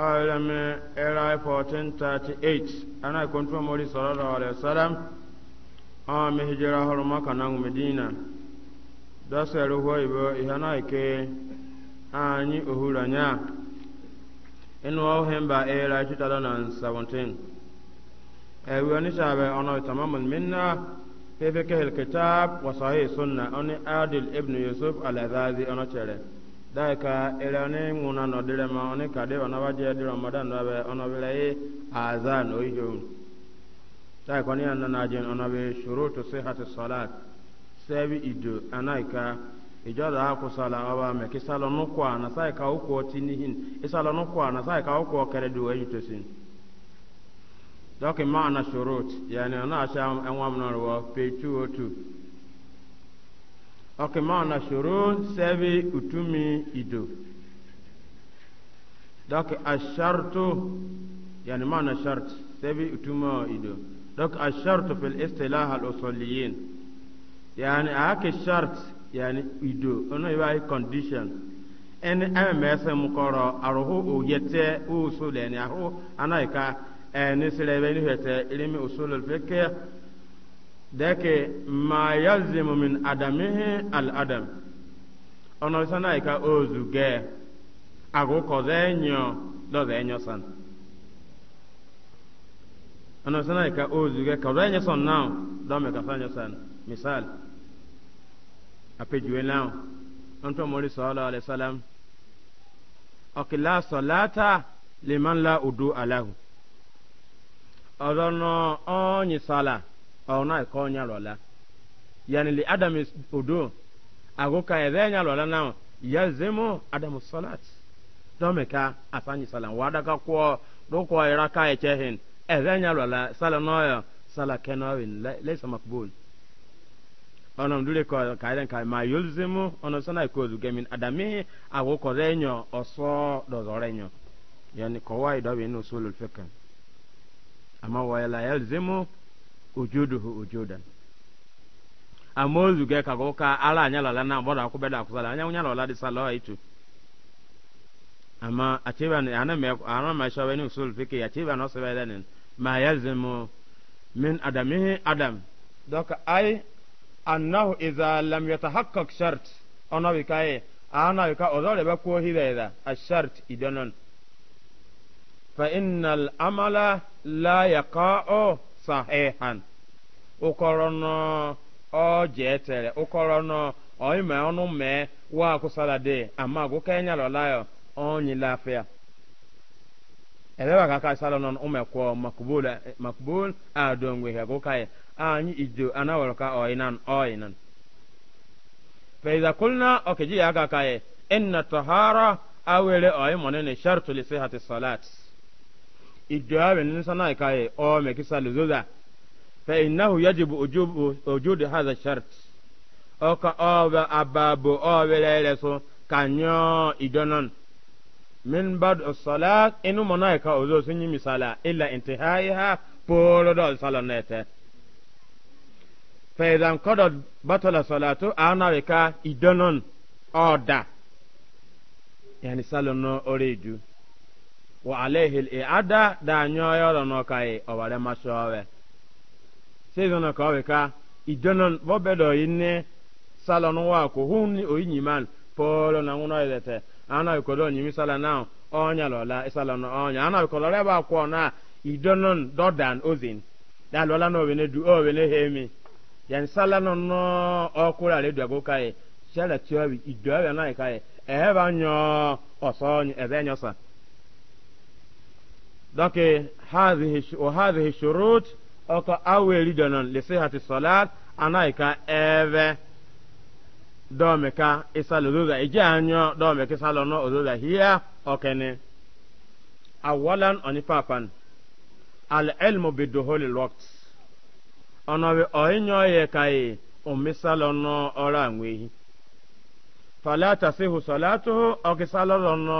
alami uh, era 1438 ana kontro mori sallallahu alaihi wasallam a mi hijira har maka nan medina da sai ho ibo ihana ike anyi ohuranya inu o hemba era 2017 ewe oni sabe ona tamamul minna fi fikhi alkitab wa sahih sunna oni adil ibn yusuf al-azazi ona chere daika ilani nguna no dire ma oni kade wa nabaje di ramadan no be ono bilaye azan o ijo dai koni anna najin ono be shurutu sihhati salat sebi ido anaika ijo da ku sala aba me kisalo no kwa na sai ka uko tinihin isalo no kwa na sai ka uko kare duwa yito sin doki ma'ana shurut yani ana sha enwa mna ruwa pe 202 ọkè máa na ṣòro sẹ́bi ìtumi ìdò dọ́kì aṣáàrùtò yàní máa na ṣáàrùtò sẹ́bi ìtumi ìdò dọ́kì aṣáàrùtò fìlì ìsìlá àlọ́sọ̀lìyìn yàní àákè ṣáàrùtò yàní ìdò ọ̀nà ìwà yìí kọ̀ndíṣàn ẹni ẹ̀mẹ̀ mẹ́sẹ̀ mu kọ̀rọ̀ àròhó òyẹtẹ òwòsó lẹ́ni àhó anáyíká ẹni sílẹ̀ ẹ̀bẹ̀ níhẹ̀tẹ̀ ilé mi òṣòlò fẹ́kẹ́ deke ma yalzimu min adamihi al adam ono sana ika ozu ge ago koze nyo do ze san ono sana ika ozu ge koze nyo san now do me ka sanyo san misal apejuwe now onto mori sallallahu alaihi wasallam akila salata liman la udu alahu ọ̀rọ̀ náà ọ̀nyí sálà ọna ẹkọ nya lọla yani li adam odo agoka ẹbẹ nya lọla na ya zemo adam salat dọmeka asanyi salam wa adaka kwọ dọkọ ẹra ka ẹkẹ hin ẹbẹ nya lọla sala nọyọ sala kenorin lẹsa makbul ọna mdule kọ kaiden kai ma yol zemo ọna sana ẹkọ ozu gẹmin adami agoko rẹnyọ ọsọ dọzọ rẹnyọ yani kọwa idọwe inu solo fẹkẹ ama wọ ẹla yal zemo ujuduhu ujudan amozu ge kago ka ala anya lala na boda ku beda ku sala anya unya lala di sala itu ama achiba ni ana me ana ma shawe ni usul fiki achiba no sebe dani ma yalzimu min adamihi adam doka ai annahu idza lam yatahaqqaq shart ona bi kai ana ka ozore ba ko hidayda ashart idanon fa innal amala la yaqa'u sahihan ukorono o jetere ukorono oime onu me wa kusalade amma go kenya lolayo onyi lafiya elewa kaka salo non ume ko makbul eh, makbul a dongwe go kai anyi ijo anawol ka oinan oinan fa idza qulna okiji aga kai inna tahara awele oimone ne shartu salati idoawe nisana ikaye o mekisa luzuza fa innahu yajibu ujubu ujudu hadha shart oka oba ababu o welele so idonon min bad as-salat inu monaika ozo sunyi misala illa intihaiha polo do salonete fa idan batola batala salatu anawika idonon oda yani salono oreju wa alehil e ada da nyoyoro no kai obare masowe sezono ka owe ka idonon bobedo inne salon wa ko hunni o yinyiman polo na nguno ilete e ana ikodo nyimi sala na onya lola isala e no onya ana ikodo reba ko na idonon dodan ozin da lola no we ne du o we ne hemi yan sala no no okura e, le du agokai shala tiawi idowe na kai eheba nyo osonyi sa. dɔke hadhihi shurut ɔkɔ aweli dɔnɔn lisihati salat anayi e ka ɛɛbɛ dɔɔmi ka isal ozoza ije anyɔ dɔɔmi ka isal ɔnɔ ozoza hiya ɔkɛni awalan ɔni papan alilmu ka lɔkt e, ɔnɔbi ɔyinyɔ yɛ kayi omisal ɔnɔ ɔra anwehi fala tasihu salatuhu ɔkisal ɔnɔ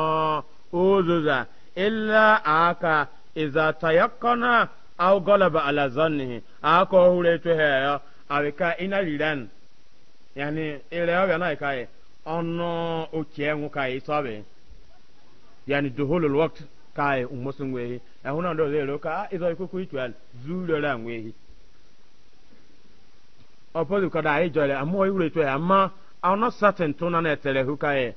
ozoza illa aka iza tayakkana aw galaba ala zannihi aka ohure to heyo awika ina liran yani ile obi na kai ono oche enwu ya sobe yani duhulul waqt kai umusun wehi ehuna ndo zero ka izo ikuku itwal zuro ran wehi opodu kada ayi na etere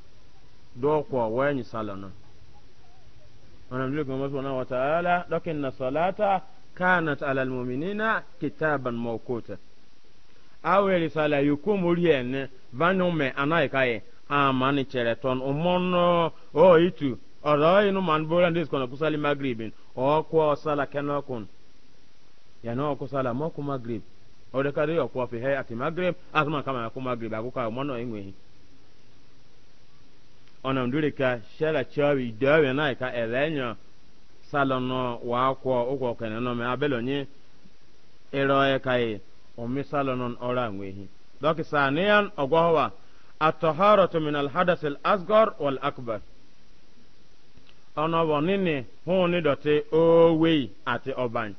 دوكو وين سالنا ونملك الله سبحانه وتعالى لكن الصلاة كانت على المؤمنين كتابا موقوتا awere sala yuko muriene vanume anaikaye amani chereton umono o itu ọ̀rọ̀ inú man bóra ndé sikọ̀nà kusali magribin ọ̀kọ́ ọ̀sálà kẹ́nọ́kùn yànnà ma sálà mọ́kù magrib ọ̀dẹ́kadé ọ̀kọ́ fi hẹ́ àti magrib àtúmọ̀ magrib ona ndure ka shela chawi dawe na ka elenya salono wa kwa ukwa kana no me abelonye ero e kai o mi salonon ora ngwehi doki saniyan ogwawa at-taharatu min al al-asghar wal akbar ona wonini huni dote owe ati oban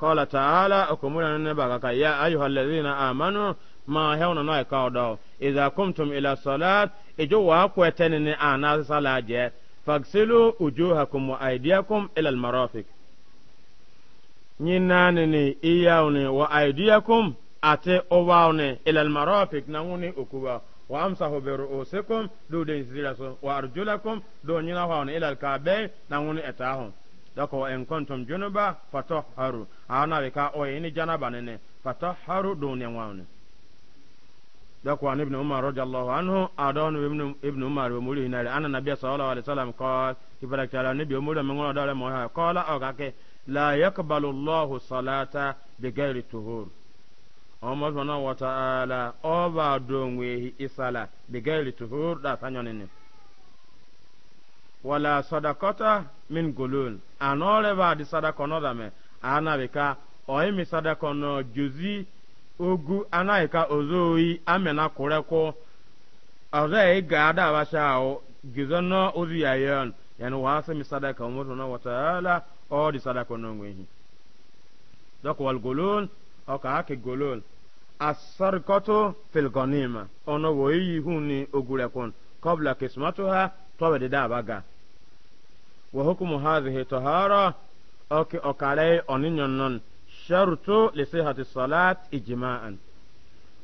qala ta'ala akumuna nabaka ya ayyuhallazina amanu ma hewna noy kawɗo ida kumtum ila salat ijo wa kuetenini ana sala je fagsilu ujuhakum wa aidiyakum ila almarafik nyinanini iyawni wa aidiyakum ate owawni ila almarafik nanguni ukuba wa amsahu bi ru'usikum du den ziraso wa arjulakum do nyina hawni ila alkabe nanguni etahum dako wa in kuntum junuba fatahharu ana wika o ini janaba nene fatahharu du ne دكوا عن ابن عمر رضي الله عنه أدون ابن ابن عمر ومولي نار أن النبي صلى الله عليه وسلم قال إبرك على النبي ومولي من قال دار مها قال أوكاك لا يقبل الله صلاة بغير طهور أما سبحانه وتعالى أبا دونوه إصلاة بغير طهور لا فنينين ولا صدقة من قلول أنا لبعد صدقة نظامة أنا بك أهمي صدقة جزي ogu anaghị ka ozoyi amena kurekwu ọzọ ga ada abasha ahụ gizo nọ ozu ya yon yana wa sami sadaka umaru na wataala ọ dị sadaka n'onweghị dọkwal golon ọ ka ake golon asarikoto filgonima ọnụ wo iyi hu ni ogurekwun kọbla kismatu ha tọbe dị dabaga wa hukumu hazihi tahara ọkara ọninyon sharuto le sihati salat ijma'an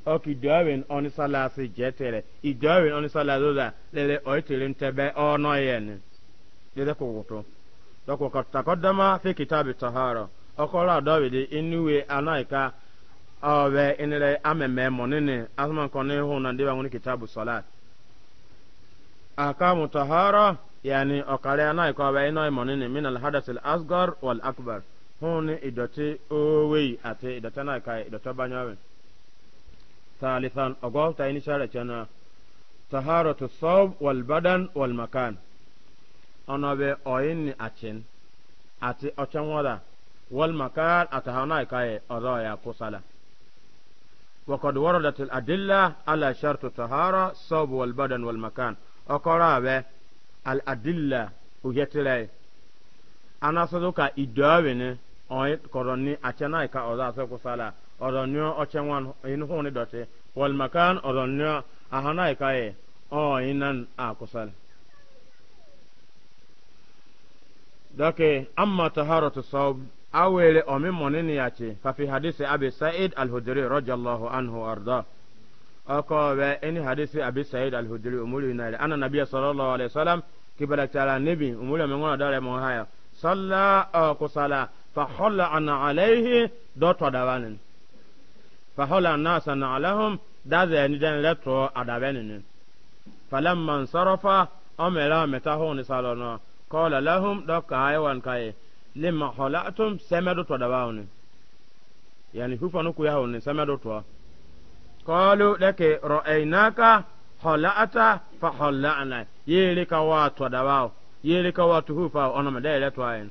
oki dawin oni salasi jetere i dawin oni salasi da lele oitere ntebe ono yen lele ko wuto dako ka takaddama fi kitabi tahara okola dawidi inuwe anaika awe inere ameme monene asman kone hu na ndiba ngoni kitabu salat akamu tahara yani okale anaika awe inoy monene min al hadath al akbar huni idɔte owei ate idɔte na ka idɔte banyawe thalithan ogo ta ini shara chana taharatu sawb wal badan wal makan ona be oyin achin ate ochan wada wal makan atahana ka odo ya kusala وقد وردت الأدلة على شرط الطهارة الصوب والبدن والمكان أقرأ الأدلة وجتلي أنا صدق إدعوني oy koronni acana ka oza se kusala oronyo ochenwan in huni dote wal makan oronyo ahana ka e o inan a kusal dake amma taharatu sawb awele omi monini yace fa fi hadisi abi sa'id al-hudri radiyallahu anhu arda oko be ini hadisi abi sa'id al-hudri umuri na ana nabiyya sallallahu alaihi wasallam kibala tala nabi umuri amengona dare mo haya salla kusala uh, fahola ana alaihi dɔtɔ dabanin fahola nasa na alahum daza ni den leto adabanin falamma nsarafa amela metahu ni salono qala lahum dɔka aywan kai lima holatum semedo to dabanin yani hufa nuku yahu ni semedo to qalu lake ra'aynaka holata faholana yele ka wa to dabaw yele ka wa tuhufa onama dai leto ayin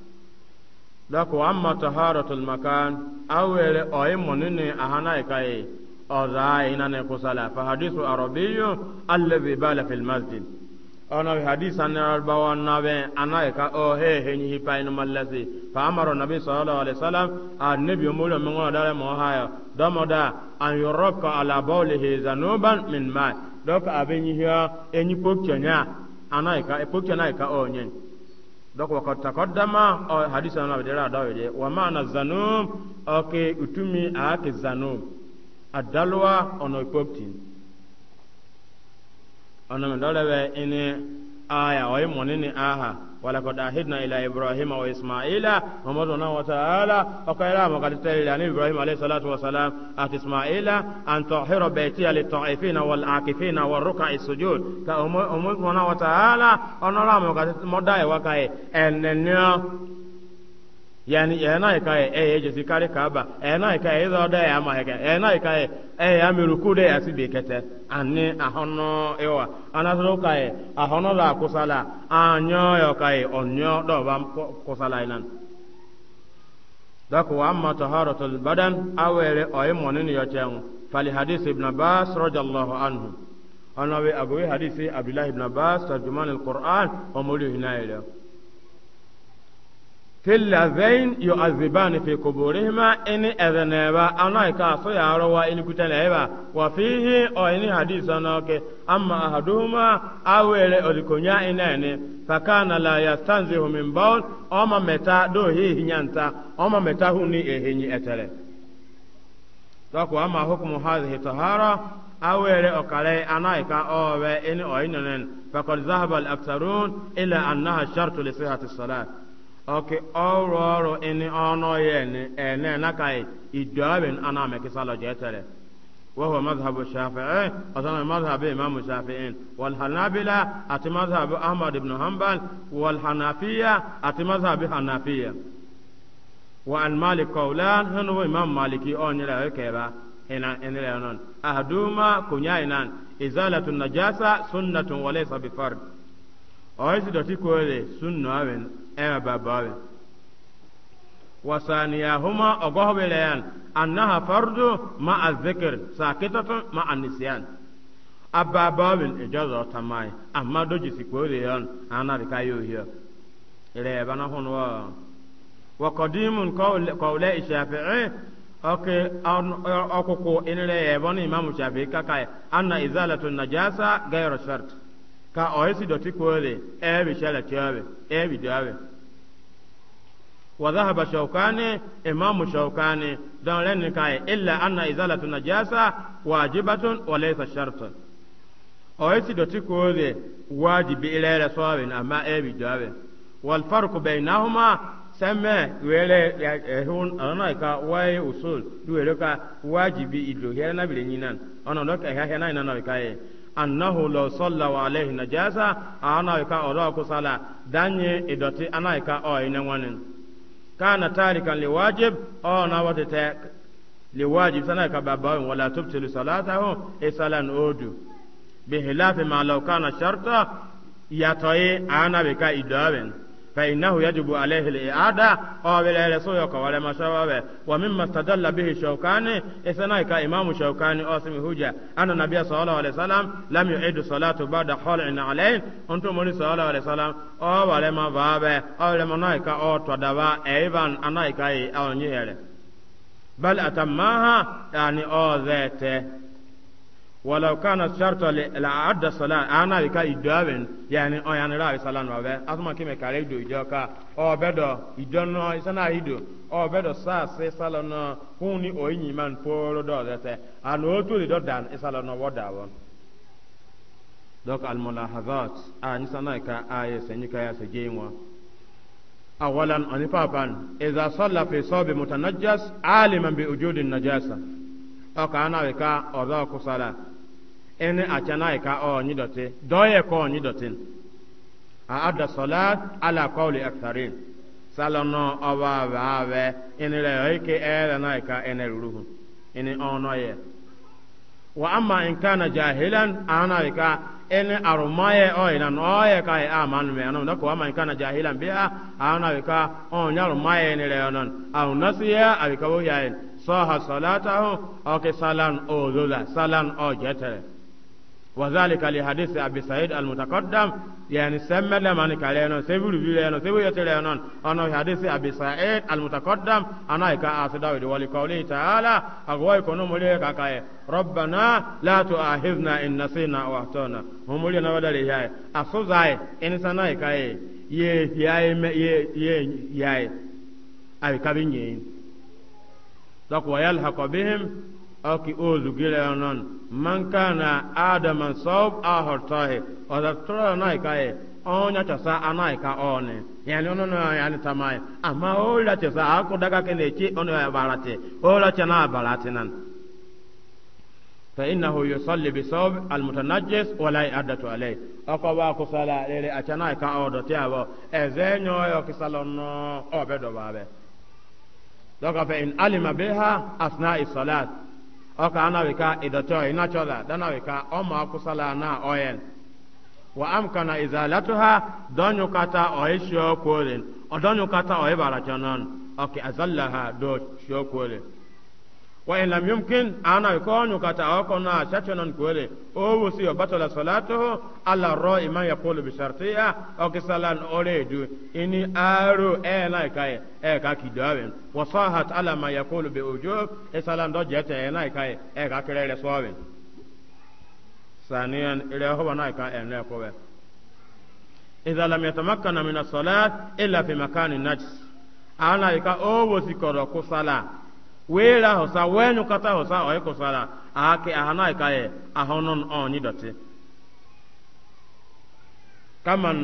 dako amma taharatul makan awere oyi monini ahana ikai oza ina ne kusala fa hadithu arabiyyu alladhi bala fil masjid ona bi hadith an arbawa nabe anaika ka o he he ni hipain mallasi fa amara nabi sallallahu alaihi wasallam annabi mulo mengo dare mo haya domoda an yurqa ala bawlihi zanuban min ma dok abenyi hiya enyi pokyonya ana ka e pokyonya ka o nyen dɔk wakad takaddama o hadisa na bidira dawe de wa ma'ana zanum o ke utumi a ke zanum adalwa ono ipoptin ono mi dole be ini aya o imoni ni aha ولقد أهدنا إلى إبراهيم وإسماعيل ومضنا الله وتعالى وقال ما قد عن إبراهيم عليه الصلاة والسلام أت إسماعيل أن طهر بيتي للطائفين والعاكفين والركع السجود كأمر وتعالى أن الله ما قد مدعي وكاي أن yani enaika eh, e eh, ejesi eh, kari ka aba enaika e zo de ya ma heke enaika e e ya miru ku de asi be kete ani ahọnọ ewa anasoro ka e ahọnọ la kusala anyo yo ka e onyo do ba kusala inan dako amma taharatul badan awere oyi monin yo chen fali hadith ibn abbas radiyallahu anhu ana abụghị agowe hadisi abdullah ibn abbas tarjuman alquran wa mawli hinayla filazain yu'azibani fi kuburihima ini ezeneba anaika so yaro wa ini kuteleba wa fihi o ini hadisa noke amma ahaduhuma awele olikonya inene fakana la yastanzihu min bawl oma meta do hihi nyanta oma meta huni ehinyi etele dako ama hukmu hadhihi tahara awere okale anaika owe ini oinonen fakad dhahaba al-aktharun ila annaha shartu li sihhati as-salat oke ọrụ ọrụ ịnị ọnụ ya ene na ka idobin ana mekisalo jetere وهو مذهب الشافعي أصلا مذهب إمام الشافعي والحنابلة أتي مذهب أحمد بن حنبل والحنفية أتي مذهب حنفية وأن مالك قولان هنو إمام مالكي أون يلا كيبا هنا إن لأنون أهدوما كنياينان إزالة النجاسة سنة وليس بفرد أويس دوتي كولي سنة وين ɛyɛ babaabi wasaniyahuma ɔgɔhobeleyan annaha fardu ma azikir sakitatun ma anisiyan ababaabin ijazo tamai amma doji sikwori yon anabi ka yohiyo ile bana hun wa wa qadimun qawla shafi'i oke ọkụkụ inire ya ebe na imam kaka anna izalatu najasa gairo shart ka oisi doti kwori ebe shala tiyobe ebe diyobe wa dhahaba shaukani imamu shaukani don ren kai illa anna izalatu najasa wajibatun wa laysa shartun o yesi do tikoze wajibi ilere sawin amma ebi dawe wal farqu bainahuma sɛmɛ wɛrɛ ɛhun ɔnɔ ka wɔye usul du wɛrɛ ka wajibi ido hɛrɛ na bire nyinan ɔnɔ dɔ kɛhɛ hɛ na yina na ka ye annahu law salla wa alayhi najasa ana ka ɔrɔ ko sala danye idoti ana ka ɔ ina wanin kana tarikan liwajib ona oh, wata ta liwajib sana ka babawin wala tubtilu salatahu isalan odu bi hilafi ma law kana sharta yatoye ana be ka idawin فإنه يجب عليه الإعادة قابل إلى يقول ولا شبابه ومما استدل به شوكاني إثنائك إمام شوكاني أوسم هجا أن النبي صلى الله عليه وسلم لم يعيد صلاة بعد خلع عليه أنتم من صلى الله عليه وسلم أو لما بابه أو لما نايك أو تدبا أيضا أنايك أو نيهر بل أتماها يعني أو ذاته ولو كان شرط لعد الصلاة أنا بك إدوابن يعني أو يعني رأي صلاة وبي أسمع كم كاري دو إدوكا أو بدو إدونا إسنا إدو أو بدو سا سي صلاة كوني أو إني من فور دو ذات أنا أتو لدو دان إصلاة وداون دوك الملاحظات أنا إسنا إكا آية سنيكا يا سجيموا أولا أني بابان إذا صلى في صوب متنجس عالما بوجود النجاسة أو كان بك أو ذاك صلاة ene achana ka onyi dote doye ko onyi dote a ada salat ala qawli aktharin salono oba bawe ene le oike ele na ka ene ruhu ene ono ya wa amma in na jahilan ana ka ene arumaye oina noye ka e aman me anon ko amma in kana jahilan biha ana ka onya arumaye ene le onon au nasiya abika wo yaen saha salatahu o salan o dola salan o وذلك لحديث أبي سعيد المتقدم يعني سمى لما نكالينا سيبو لبيلينا سيبو يتلينا أنا حديث أبي سعيد المتقدم أنا إكا أسداوي ولقوله تعالى أقوي كنو مليك كاي ربنا لا تؤاخذنا إن نسينا وأخطأنا هم لنا ودلي هاي أسوزاي إن سنا إكاي يه ياي يه يه ياي أبي كابين يين دوك ويلحق بهم أو كي أوزو جيلينا man kana adaman sawb ahor nai kae onya chasa anai ka one yani ono no yani tamai ama ola chasa ako daga kene chi ono ya barate ola chana barate nan fa innahu yusalli bi sawb al mutanajjis wa la yadatu alay ako ba ko sala lele achana ka odo yo kisalono obedo babe doka fa in alima biha salat ọka anawika idọtọ inachọla danawika ọma akwụsala na oil wa amkana izalatuha donyukata oishio kwolin odonyukata oibarachọnon ọka azallaha do shio kwolin wa in lam yumkin ana ikonyu kata awko na shachonan kwele o wusi yo batala salatuhu ala ro iman yaqulu bi shartiya o kisalan oledu ini aro e na kai e ka kidawen wa sahat ala ma yaqulu bi ujub isalan do jete e na kai e ka kirele swawen saniyan ile ho na kai e na kowe idza lam yatamakkana min as-salat illa fi makanin najs ana ka o wusi koro kusala weera hosa weenyụkọta hosa ọịkụsara ahake ahanaikaye ahụnụn ọnyị dọtị kaman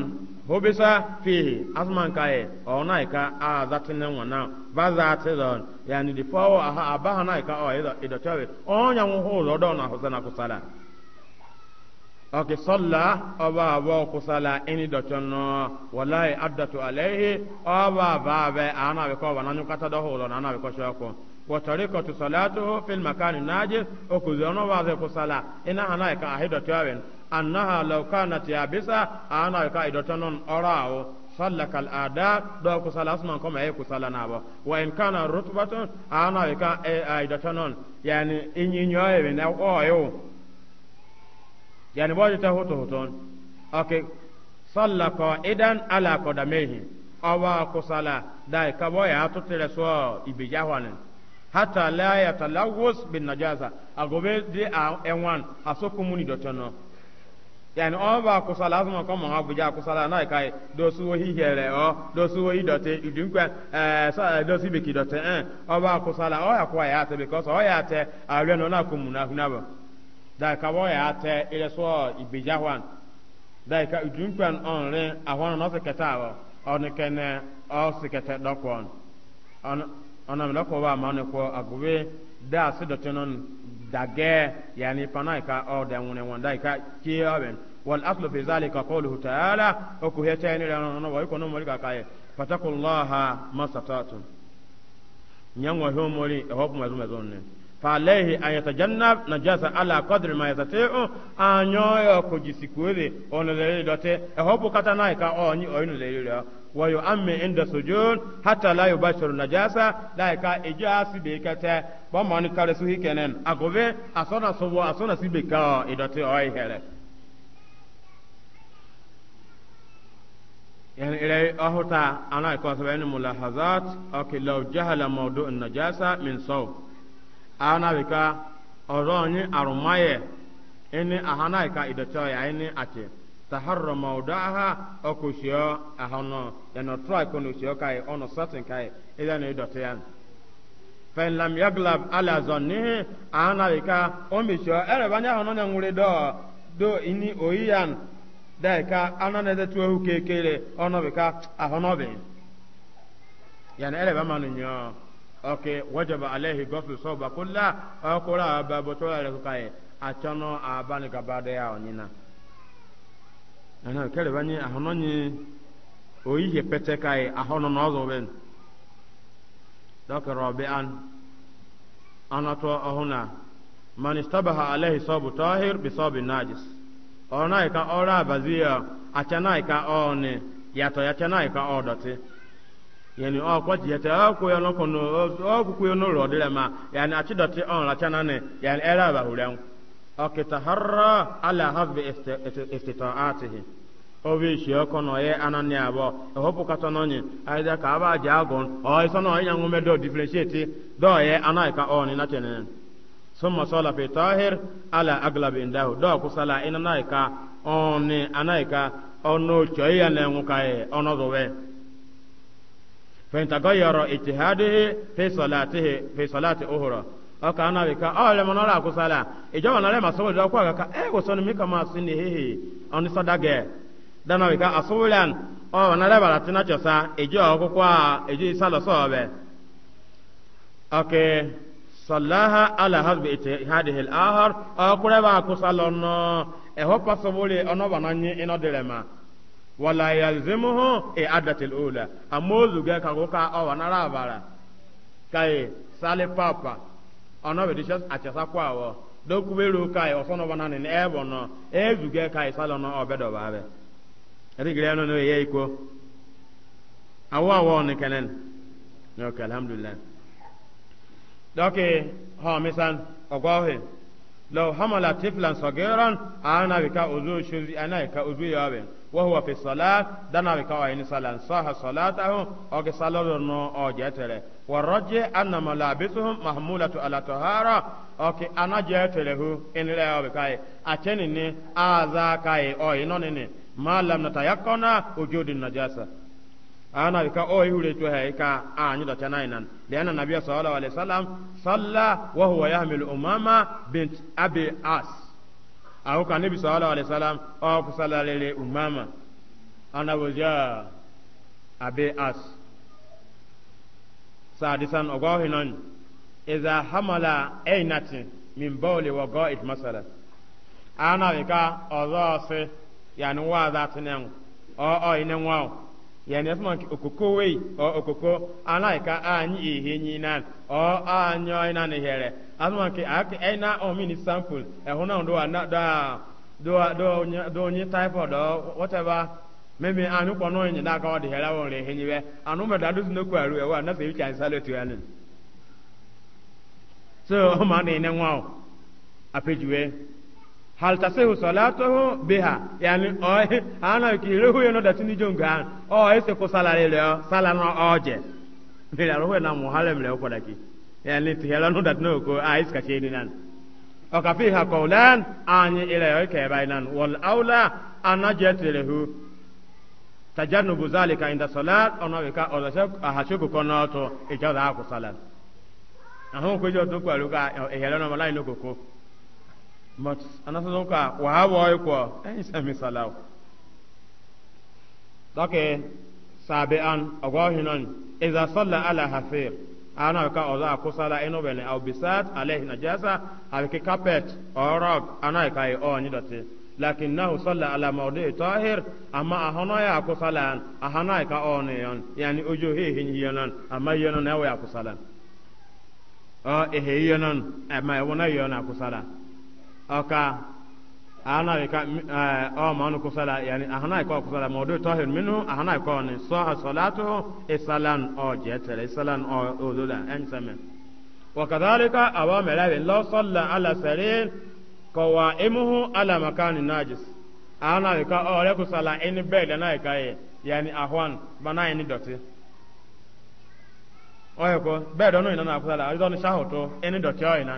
hobisa fihi asman kaye ọnaika azatine nwana vazatizon Ya the power aha abahanaika ọ idọtọwe ọnya nwụhụ ụlọ ọdọ na hosa na kụsara oke sọla ọba abụọ kwụsala ịnị dọchọnọ walai adatu alaihi ọba na anabikọ ọba na nyụkata dọhụ ụlọ na anabikọ shọkụ watarikatu salatuhu fil makani najis okuzono waze kusala ina hana ka ahido tawen annaha law kanat yabisa ana ka idotanon orao sallaka al'ada do kusala asman kuma yayi kusala na ba wa in kana rutbatun ana ka idotanon yani inyinyoye ben oyo yani bodi ta hoto hoton okay sallaka idan ala qadamehi awa kusala dai kaboya tutire so ibijawanin hata la yatalawus bin najasa agobe de a enwan aso kumuni dotono yani o ba kusala azuma ko mon abuja kusala na ka do su wo hi here o do su wo idote idunkwa eh so do si be kidote eh o eh. ba kusala o ya kwa ya te because o ya te arwe no na kumuna hunaba da ka wo ya te ile so ibeja hwan da ka idunkwa on re ahwan no se ketawo on kene o se kete dokon on ona mi lako ba mane ko agwe da se do tenon dage yani panai ka o da wone wanda ka ki aben wal aslu fi zalika qawluhu ta'ala o ku heta ni ran ona wa ko no mori ka kae fatakullaha masatatun nyangwa ho mori e hobu mazu mazonne falehi ayatajannab najasa ala qadri ma yastati'u anyoyo kujisikuwe onelele dote e hobu kata nai ka onyi oyinu lele wa yu'ammi inda sujud hatta la yubashiru najasa la ka eja sibe kete bo man kare su hikenen agobe asona sobo asona sibe ka idote oi here yani ilay ahuta ana ko sabe ni mulahazat okay law jahala mawdu'un najasa min saw ana bika oronyi arumaye ini ahana ka idote oi ini ate ụda taharro maudaha okusio ahono yana try kono sio kai ono certain kai ida ne dotian fa lam yaglab ala na ana lika omisio ere banya hono ne ngure do do ini oiyan daika anane de tuwe kekele ono bika ahono be yana ere bama nyo okay wajaba alayhi ghaflu soba kullu akora babotola kai achono abani kabada ya onyina ana kere banye ahono nye oyihe pete kai ahono na ọzọ ben dọkara ọbị an anatọ ọhụna man istabaha alaihi sabu tahir bi sabi najis ọna ka ọrụ abazi ya achana ka ọni yatọ ya chana ka ọdọtị yani ọkwachi yata ọkụ ya n'ọkụ n'ọkụkụ ya n'ụlọ dịrị ma yani achịdọtị ọnụ achana ni yani ere abahụrụ ya okitaharra ala hasbi istita'atihi obi shi oko no ye anani abo abụọ. kato no nyi aida ka aba ji agon o iso no nya ngume do differentiate do ye anai ka ịnachị na tenen summa sala fi tahir ala aglab indahu do ku sala inanai ka oni anai ka ono choya na enwu ka ye ono zowe fa intagayara ijtihadihi fi salatihi fi salati uhra ọka anabi ka ọrịa mọ n'ọrịa akwụsala ịjọba narị ma sọgbọdọ ọkwa ga ka e wosọ mi ka ma si n'ihihi ọnụ sọdage danabi ka asụwụlan ọrịa narị bara tina chọsa ịjọ ọkwụkwọ a ịjọ isalọ sọọbẹ ọkị sọlaha ala hasbi ite hadihil ahar ọkụrẹ ba akwụsala ọnụ ẹhọ pasọbụlị ọnọba na nye ịnọdịrị ma wala ya yalzimuhu e adatil ula amozu ga ka ọwa nara abara kai sali papa ọnọ bedishas achasa kwa awọ dokuberu kai ọsọnọ banani ebo nọ ezuge e kai salọ nọ ọbẹdọba abẹ ẹdigiri ẹnu n'oye e iko awọ awọ nìkẹnẹn n'oke alhamdulilayi dọkì họmisan ọgọhìn lọ hamala tiflan sọgẹrọn àánà bìka ozu oṣooṣi àánà bìka ozu yọ abẹ. وهو في الصلاة دنا بكوا إن صلاة صاح صلاته أو كصلاة نو أو جتله والرجع أن ملابسهم محمولة على طهارة أو كأنا جتله إن لا بكاي أتنيني أذا كاي أو إنوني ما لم نتيقن وجود النجاسة أنا بكا أو yule to hay ka anyu لأن النبي صلى الله عليه وسلم صلى وهو يحمل أمامة بنت أبي umama awo ka nabi sallallahu alaihi wasallam oh, umama ana abe as sadisan ogo hinon iza hamala ainati min masala ana na ozo se yani wa na tinen o o okoko ọ okoko nan anu ake ake ena o mini sample e na ndo ana da do do do nyi typhoid whatever meme anu ko no nyi na ka odi hela won re hinyiwe da aru e, na se ucha salatu so ma nwa o apejuwe hal salatuhu biha yani o ana ki no da e o ese ko le sala no oje na muhalem le yani tihela dat no ko ais ka cheni nan o ka fiha qawlan ani ila yoy ke bainan wal aula anajatilahu tajannubu zalika inda salat ona we ka ola shak ahashuku kono to ijada ku salat ahon ko jo to kwalu ka ehela no malai no koko mat anasa zo ka wa hawo yoy ko en sami dake sabe an iza salla ala hafir ana ka oza kusala enobele au bisat alayhi najasa alki carpet or rug ana ka i e o ni dote lakinnahu salla ala mawdi'i tahir amma ahono ya kusalan ahana ka o yon yani ujuhi hin yonan amma yonan na ya kusalan o ehe yonan amma wona yonan kusalan aka ana wika o manu kusala yani ahana ko kusala modu tahir minu ahana ko ni saha salatu isalan o jetere isalan o odula ensame wa kadhalika awamara bi la salla ala sarir qawaimuhu ala makani najis ana wika o re kusala ini bele na ikaye yani ahwan bana ini doti oyeko bedo no ina na kusala ayo ni shahoto ini doti o ina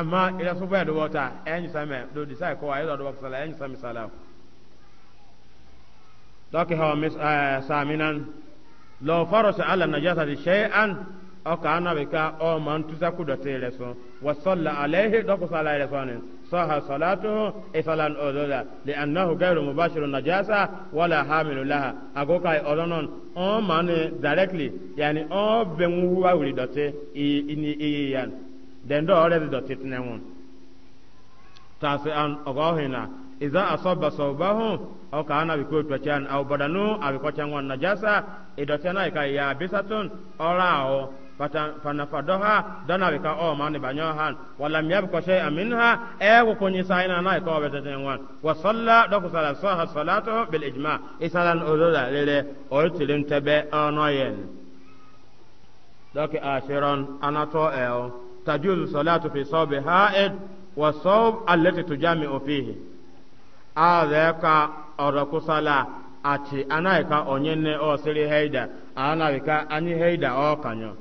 amma ila su bai da wata yan sami do di sai ko ayi da wata sala yan sami sala doki hawa mis saminan law farasa ala najasati shay'an o ka anabi ka o man tusa ku da tere so wa salla alaihi doku sala ila sani saha salatuhu isalan ododa li annahu ghayru mubashiru najasa wala hamilu laha ago kai odonon o man directly yani o benwu wa wuri dote ini iyan dendo do ore do titne mun tase an ogohina iza asaba sawbahu aw kana bi ko twachan aw badanu abi ko changon najasa idotena ka ya bisatun orao fanafadoha dana bi o mani banyo han walam yabqa shay'an minha e ko kunyi sayna na ko beteten wan wa salla do ko sala saha salatu bil ijma isalan ulula lele o tilim tebe anoyen doki ashiron anato eo tajuzu salatu fi sawbi ha'id wa sawb allati tujami'u fihi adaka orokusala ati anaika onyenne osiri heida anaika anyi heida okanyo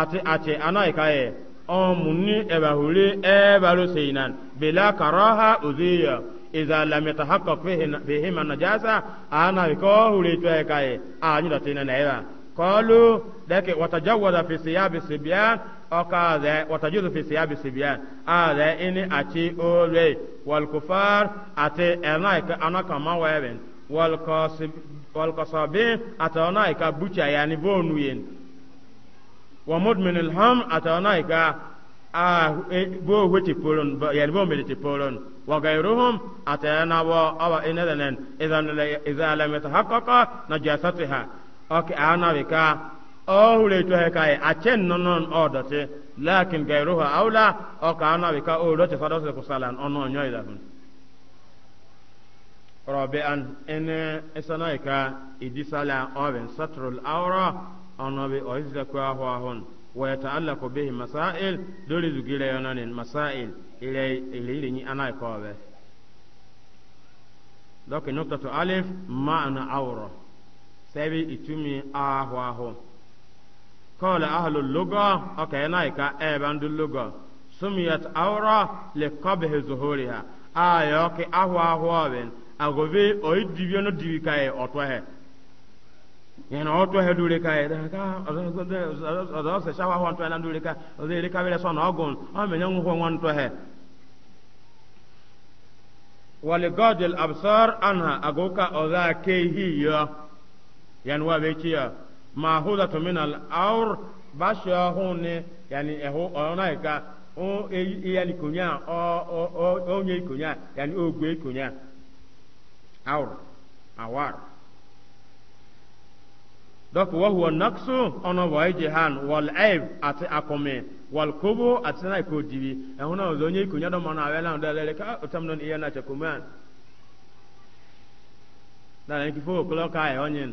ati ati anaika e omuni ebahuli ebalu seinan bila karaha udhiya idha lam yatahaqqaq fihi fihi najasa anaika ohuli twekaye anyi datina naira قالوا لك وتجوز في ثياب الصبيان وكذا وتجوز في ثياب الصبيان هذا إني أتي أولي والكفار أتي أنايك أنا كما وابن والقصابين أتي أنايك بوشا يعني بونوين ومدمن الهم أتي أنايك آه بوهتي بولون يعني بومدتي بولون وغيرهم أتي أنا وأو إنذن إذا لم يتحقق نجاستها oke anabi ka ohule to he kai e, achen nonon odote lakin gairuha aula oka anabi ka odote fadote kusalan ono nyoy da hun robe an ene esanai ka idisala oven satrol aura onobi oizda kwa hwa hun wa yata'allaqu bihi masail dole zugire yonanin masail ile ile ni anai ko be dokin nuktatu alif ma'ana aura sɛbi itumi ahu ahu kɔɔle ahlu lugɔ ɔkɛ na ika ɛɛban du sumiyat le kɔbihi zuhuriha ha ki ahu ahu ɔbin agobi oyi dibio no dibi ka ɔtɔhɛ ka ye ka ɔzɔ sɛ na dure ka ɔzɔ yɛrɛ ka wɛrɛ ɔgun ɔmɛ nyɛ ŋun tɔhɛ wali gɔdil agoka yani wa be kiya mahudatu min al aur basha hunne yani eho ona ka o e yani kunya o o o nye kunya yani ogwe kunya aur awar dok wa huwa naqsu ona wa jihan wal aib ati akome wal kubu ati na ko dibi ehuna ozo nye kunya do mana awela ndo lele ka utamnon iya na chakuman na nkifu kuloka ayo e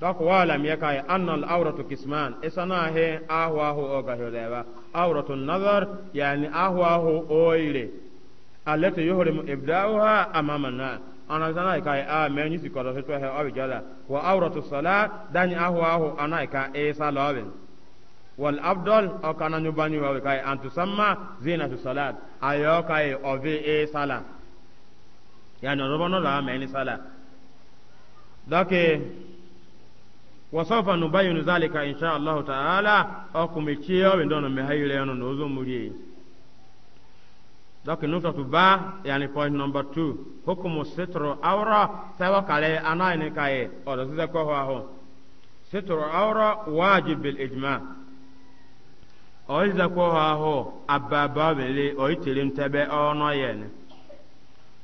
dɔk waalam yɛ kaa anna al awratu kisman isana he ahu ahu o gahilewa awratu nazar yani ahu ahu oyire alati yuhrimu ibda'uha amama na ana sana ka a me nyi sikoro se to he o bijala wa awratu sala dani ahu ahu ana ka e salawin wal afdal o kana nyu banyu wa ka antu samma zinatu salat ayo ka e o vi e sala yani la me ni sala dake wasofa nubayinu zalika insha allahu taala okumikiyowe ndono mihayileno nozo mulie donc nukta tu ba yani point number 2 hukumu sitru awra sawa kale anayni kaye odo sise koho aho sitru awra wajib bil ijma oyize koho aho abababili oyitilim tebe ono yene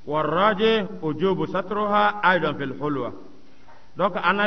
والراجح وجوب سترها أيضا في الحلوة دوك أنا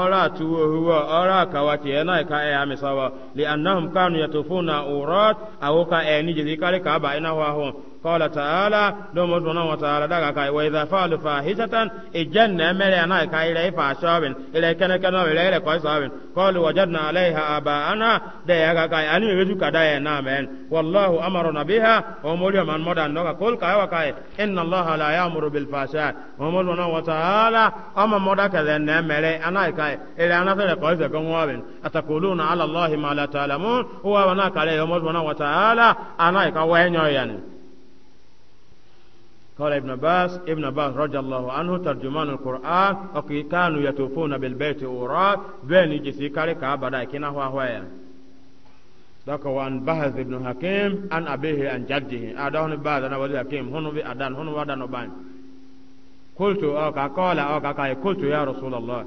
ora tuwo huwa ora kawati ena ka e amisawa li annahum kanu yatufuna urat aw ka e ni jili kare ka ba ina wa قال تعالى دوم ربنا وتعالى دعا كاي وإذا فعل فاحشة الجنة مري أنا كاي لا يفعشابن إلى كنا كنا ولا إلى كاي سابن قال وجدنا عليها أباءنا دعا كاي أني ويجو كداي نامن والله أمرنا بها ومولي من مدى نوغا كل كاي وكاي إن الله لا يأمر بالفاحشة دوم ربنا وتعالى أما مدى كذن مري أنا كاي إلى أنا كنا كاي سكون وابن أتقولون على الله ما لا تعلمون هو ونا كاي دوم ربنا وتعالى أنا كاي وينيو يعني قال ابن باس ابن باس رضي الله عنه ترجمان القرآن وكي كانوا يتوفون بالبيت أوراق بين جسي كاري كابدا كنا هو هو دك وان بحث ابن حكيم عن أبيه عن جده أدهن بعد أنا ولي حكيم هنو بي أدان هنو ودان وبان قلت أوكا قال أوكا قلت يا رسول الله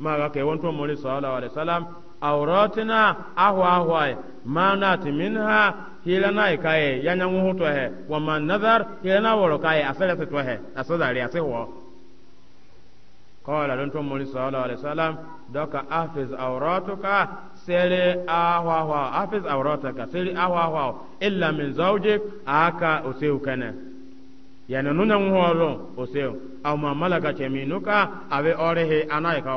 ما بكي وانتم مولي صلى الله عليه وسلم Auratina ahwa ahwa ma nati minha hilana ikaye yanya nguhuto he wa man nazar hilana woro kaye asala to he asodari asehwo qala lantum muli sallallahu alaihi wasallam doka hafiz awratuka sele ahwa ahwa hafiz awratuka sele ahwa ahwa illa min zawjik aka useukana yani nuna nguhoro useu au mamala ka cheminuka awe orehe anayika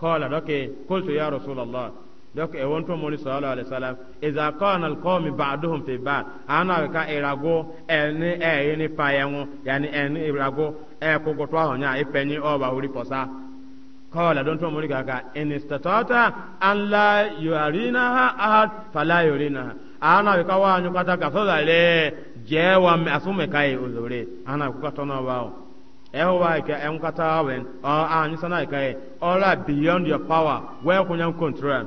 قال دوك قلت يا رسول الله دوك اون تو مولى صلى الله عليه وسلم اذا كان القوم بعضهم في بعض انا كا ايراغو ان اي ني فايو يعني ان ايراغو اي كوغو تو هنيا ايبني او با هوري بوسا قال دون تو مولى كا ان استطعت ان لا يرينها احد فلا يرينها ana wika wanyu kata kasoda le je wa asume kai uzuri ana kukatona wao ewa ike enkata wen or anyi sana ike ora beyond your power where kunyan control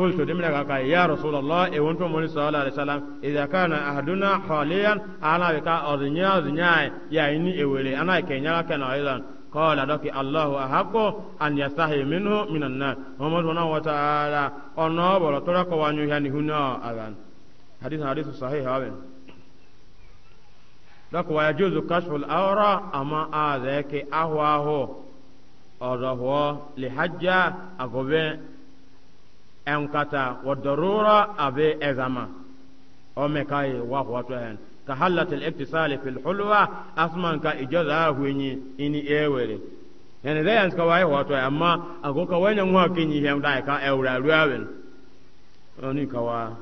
قلت دم لك يا رسول الله اونتو مولى صلى الله عليه وسلم اذا كان احدنا حاليا انا بك اذنيا اذنيا يا اني اولي انا كينيا كان ايضا قال لك الله أحق أن يستحي منه من الناس هم سبحانه وتعالى أنه بلطرق وأن يهنه هنا أذن حديث حديث صحيح هذا dɔk wa yajuzu kashfu al-awra ama aadɛ ke ahu ahu ɔdɔhɔ lihajja agobe ɛnkata wa darura abe ɛzama ɔmɛ ka ye wa hɔtɔ hɛn ka halat al-iktisali fil hulwa asman ka ijaza hwenyi ini ewere yani da yanzu kawai wato amma ago ka wani nwa kinyi hem da ka eura ruawen oni kawa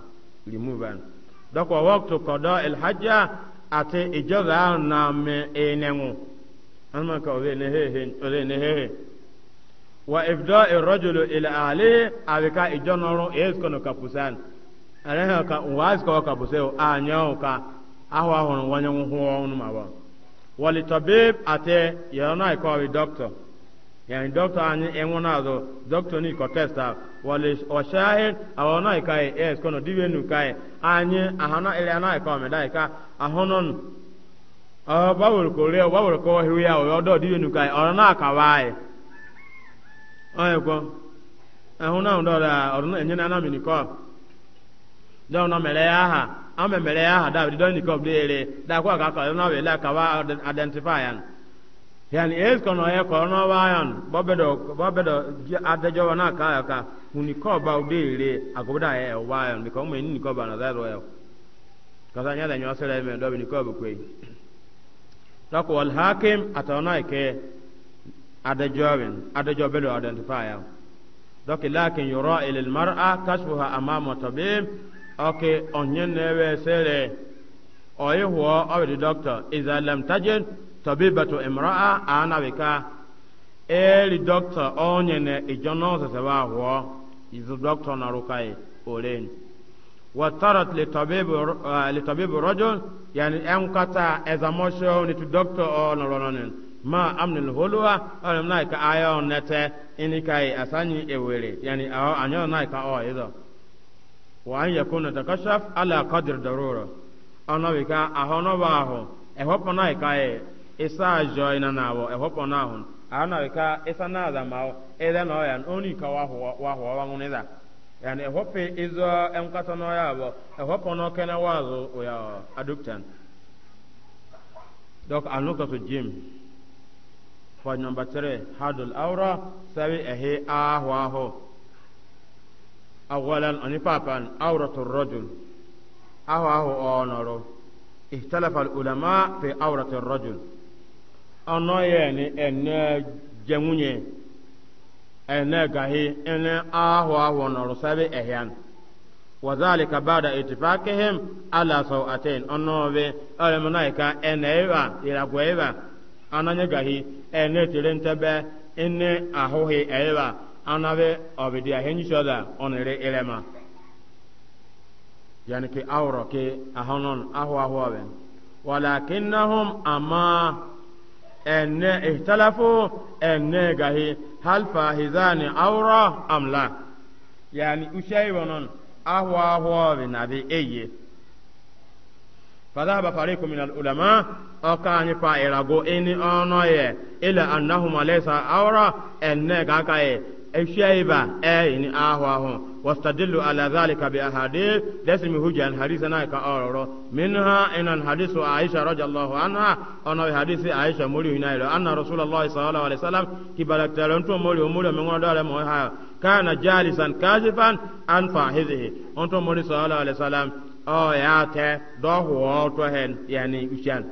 remove dakwa waqtu qada al ate ijoza na me enengu anma ka ole ne hehe ole ne hehe wa ibda ar-rajulu ila ahlihi abika n'ọrụ eskono kapusan areha ka waz ka kapuseo anya ụka ahụ aho wanyo ho onu mawa wali tabib ate yana ko wi doctor yani doctor anyi enwona azo doctor ni ko testa wali oshahid awona kai eskono divenu kai anyi ahana ile anai ka me dai ka ahonon nọ bawol ko re bawol ko hiu ya o do di nu kai ọ na ka wai ọ ko ahun na ndo da ọ na enye na mi ni ko do na mere ya ha mere ya ha da do ni ko re da ka ka na we la ka wa identify an yani es ye ko no wa yan bobedo bobedo na ka ka uni ko ba de re agoda ye wa yan sasa nyada nyosele me dobi ni kobe kwe tako wal hakim ataona ike ada jawin ada jawbelo identifier donc lakin yura ila al mar'a kashfuha amama tabib oke onyen newe sele oye huwa awe the doctor iza lam tajid tabibatu imra'a ana bika eli doctor onyen ne ijono sese ba huwa izu doctor narukai olen وطرت لطبيب لطبيب رجل يعني أنقطع إذا مشوا لتدكتور أو نرونين ما أمن الهلوة أو نايك آيون نتا إنكاي أساني إويري يعني أو أنيو نايك أو إذا وأن يكون تكشف على قدر ضرورة أنا بك أهونا باهو أهوبا نايك إسا جوينا ناو أهوبا ناهون أنا بك إسا نادا ماو إذا نويا أوني كواهو واهو وانغون إذا yani hoppe izo en katano yabo e hoppo no kene wazo o ya aduktan donc an loka to jim fo number 3 hadul awra sawi ehe aho aho awalan oni papan awratu rajul aho aho onoro ihtalafa ulama fi awrati rajul ono yani en jemunye ene gahi ene ahu ahu na rusabe ehyan wazalika bada itifakihim ala sawatain onobe ole munaika ene iwa iragwa iwa ananye gahi ene tirentebe ene ahuhi iwa anabe obidi ahenyi shoda onere ilema yani ki awro ki ahụ ahụ ahu abe walakinnahum ama ene ihtalafu ene gahi hal fahizani awra amla yani ushai wonon ahwa ahwa binabi eye فذهب فريق من العلماء أكان فائرغو إني أنوي إلى أنهما ليس أورا إنك أكاي إشيبا إني أهواهم واستدلوا على ذلك بأحاديث ليس مهجا الحديث نايك أورو منها إن الحديث عائشة رضي الله عنها أنا حديث عائشة مولي هنا أن رسول الله صلى الله عليه وسلم كبرك تلنتو مولي ومولي من غدار موها كان جالسا كاذبا عن فاحذه أنتم مولي صلى الله عليه وسلم أو ياتي دوه وتوهن يعني يشان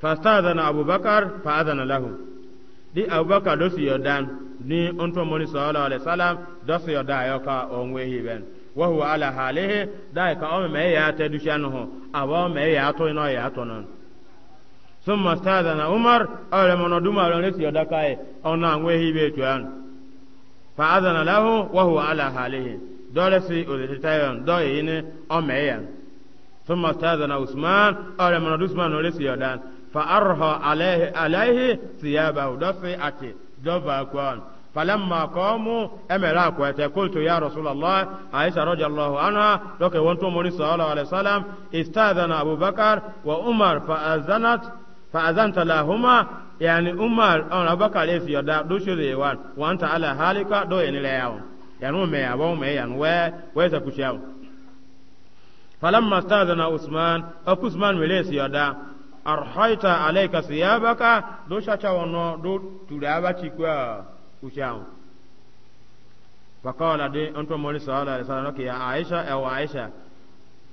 فاستأذن أبو بكر فأذن له دي أبو بكر دوسي يدان ni onto moni sallallahu alaihi wasallam dasu ya da yoka onwe hiben wa huwa ala halihi da ka o me ya ta dushanhu awa me ya to no ya to non summa stadana umar ala mono duma ala resi ya da kai e, ona onwe hibe tuan fa adana lahu wa huwa ala halihi dole si odetayon do yini o me ya ثم استاذن عثمان أول من عثمان وليس يدان فأرها عليه عليه ثيابه دفي أتي دفع كون فلما قاموا امرا كويت قلت يا رسول الله عائشة رضي الله عنها لو وانتم من صلى الله عليه وسلم استاذن ابو بكر وعمر فاذنت فاذنت لهما يعني عمر ابو بكر ليس يدا دوشري وان وانت على حالك دو يعني لا يعني ما يابو ما يعني وي ويزا كشاو فلما استاذن عثمان اكو عثمان ليس يدا أرحيت عليك ثيابك دوشا تشاونو دو تلابا تشيكوا ushao fakala de onto moli sallallahu alaihi wasallam ke ya aisha aw aisha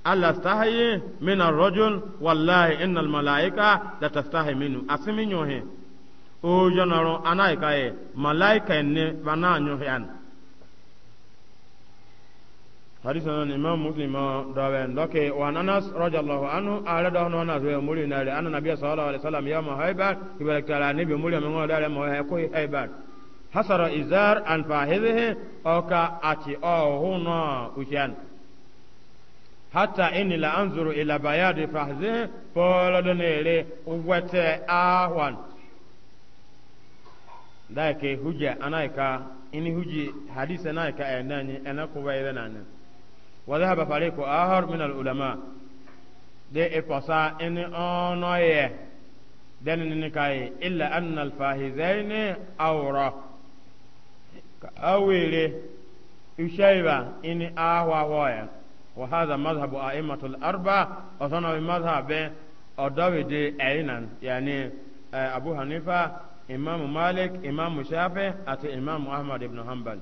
alla stahayi min ar-rajul wallahi innal malaika la tastahi minhu asimi nyohe o jonaro anaika e malaika ne bana nyohe an hadith an imam muslim dawe ndoke wa anas radiyallahu anhu ala da hono na zuwa muri na re annabi sallallahu alaihi wasallam ya mahaiba ibarakalani bi muri amengo dare mo he ko haibar حسر ازار ان فاهده او كا اتي او هنا وشان حتى ان لا انظر الى بياد فاهده فولا دنيلي ووات اهوان ذاك هجا ايكا اني هجا حديث انايكا اناني انا كوبا اذا وذهب فريق اخر من العلماء دي افصا اني اونويه دنيني كاي الا ان الفاهذين اورا ka awere ushaiba ini ahwa hoya wa hadha madhhabu a'immatul arba asana bi madhhabe odawide ainan yani eh, abu hanifa imam malik imam shafi ati imam ahmad ibn hanbal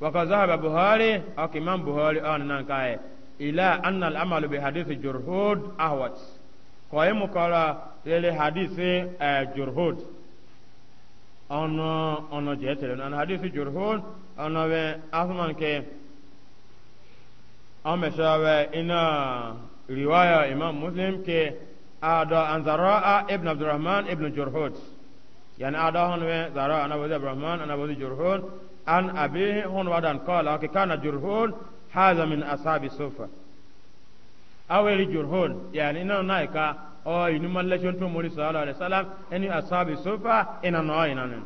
وقد ذهب بخاري أو إمام بخاري أن نكاي إلى أن العمل بحديث جرهود أهوت قائم قال للحديث جرهود ono ono jetere nan hadisi jurhun ono be asman ke amesha ameshawe ina riwaya imam muslim ke ada an zaraa ibn abdurrahman ibn jurhud yani ada hon we zaraa ana wazi abdurrahman ana wazi jurhud an abi hon wadan qala ke kana jurhud hadha min ashabi sufa aweli jurhud yani ina naika o inu malle chon to muri sallallahu alaihi wasallam eni ashabi sufa ina no ina ne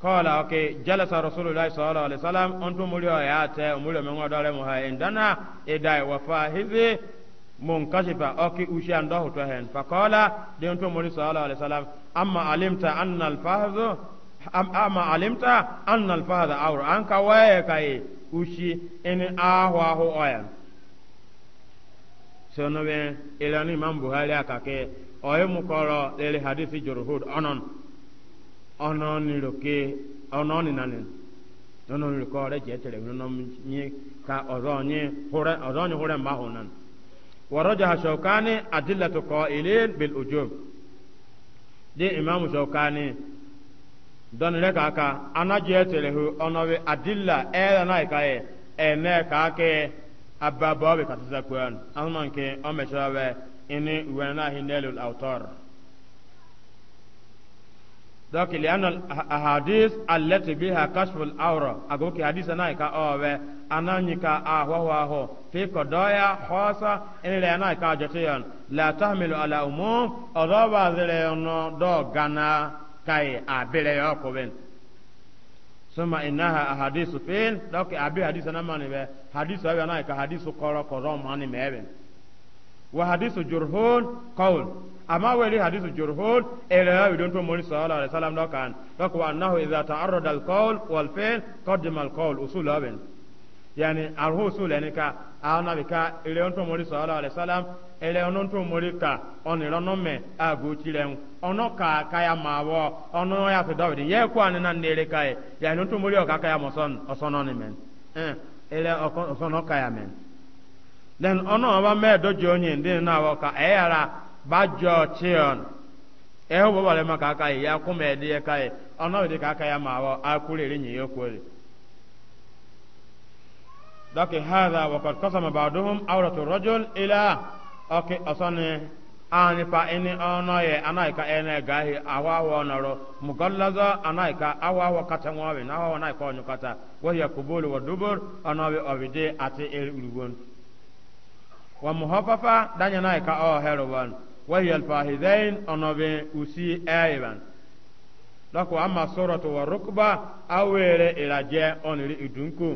kola oke jalasa rasulullah sallallahu alaihi wasallam on to muri o ya te muri me ngodo le mo ha indana edai wafa hizi munkashifa oki ushi ando hoto hen fakola de on to muri sallallahu alaihi wasallam amma alimta anna alfahzu amma alimta anna alfahza awra an kawaye kai ushi eni ahu ahu oyan sɔɔnɔ bɛ ilani imam buhari a ka kɛ ɔye mu kɔrɔ lele hadisi jorohod ɔnɔn ɔnɔn ni roke ɔnɔn ni nani ɔnɔn ni kɔrɔ jɛ tere ɔnɔn nye ka ɔzɔn nye hore ɔzɔn nye hore mba honan wɔrɔja shɔkani adilatu kɔ ilin bil ujob de imam shɔkani dɔni lɛ k'a aka ana jɛ tere ɔnɔ onobe adilla ɛɛ nana yi ka yɛ ɛnɛ k'a kɛ. ababa be katiza kwan anman ke o me shawe ini wana hinelul autor donc li anna ahadis allati biha kashful al-awra ago ki hadisa na ka owe ananyi ka ahwa wa ho fi qadaya khasa ila na ka jatiyan la tahmilu ala umum adaba zire no do gana kai abire yokoben suma inaha ahadisu fin dɔk abi hadisu na mani bɛ hadisu abi ana ka hadisu kɔrɔ kɔrɔ mani mɛbɛn wa hadisu jurhun kɔwl amma weli hadisu jurhun ele ya widon to mori sallallahu alaihi wasallam dɔk an dɔk wa annahu idza ta'arrada al-qawl wal fi'l qaddama al-qawl usul abin yani arhu usul yani ka ana ka ele on to mori sallallahu alaihi wasallam ele ọnụ ntụ mori ka ọ nịrị ọnụ mme agụ chire m ọnụ ka ya ma wọ ọnụ ya fi dọwịdị ya ekwu anyị na nnere ka ya ya nụ ntụ mori ọka aka ya ma ọsọ nọ n'ime ele ọsọ nọ ka ya mee then ọnụ ọba mee doji onye ndị na awọ ka e yara bajọ chion ehe ụbọbalị maka aka ya ya kwụ ma edi ka ya ọnụ dị ka aka ya ma wọ akwụrụ eri nye ya okwu eri ذاك هذا وقد قسم بعضهم عورة الرجل إلى ọkị ọsọnị anipa ini ọnọ ye anaika ene gahi awawa nọrọ mugallaza awa awawa kata nwawe na awa awawa anaika onyu kata wahia kubulu wa dubur ọnọwe ọbide ati eruwon wa muhafafa danya naika ọ heruwan wahia alfahidain ọnọwe usi eyiban lọkụ ama sọrọtụ wa rukba awere iraje ọniri idunku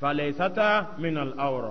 falaisata minal awrọ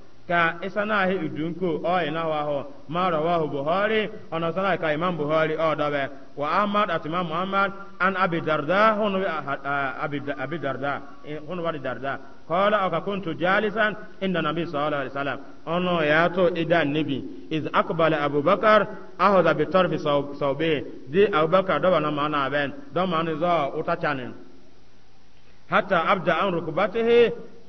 ka isanahi udunko o na wahu ma rawahu buhari ona sana ka imam buhari o dobe wa ahmad at imam muhammad an abi darda hunu abi abi darda eh, hunu wadi darda qala aka kuntu jalisan inda nabi sallallahu alaihi wasallam ono ya to idan nabi iz aqbala abubakar ahadha bi tarfi sawbi di abubakar doba na mana ben do man zo utachanin hatta abda an rukbatihi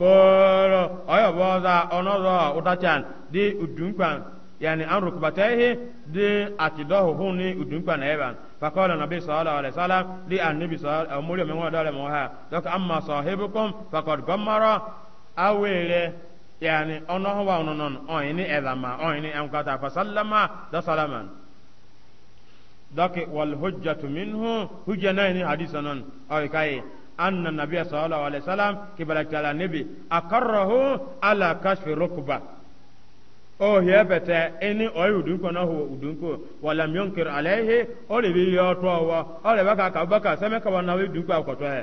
kolo oyo boza onozo utachan di udunkwan yani an rukbatehi di atidohu huni udunkwan eban fakola nabi sallallahu alaihi wasallam di annabi sallallahu eh, alaihi wasallam mulyo dole moha dok amma sahibukum fakod gomara awele yani onoho wa ononon oyini ezama oyini emkata fasallama da salaman dok wal hujjatu minhu hujja nayni hadisanon oy kai anna nabiya sallallahu alaihi wasallam kibalatala nabi akarrahu ala kashfi rukba o hiya bete eni oyi udunko na ho udunko wala myonkir alaihi o le bi yo to wa o le baka ka baka seme ka wa na udunko akoto he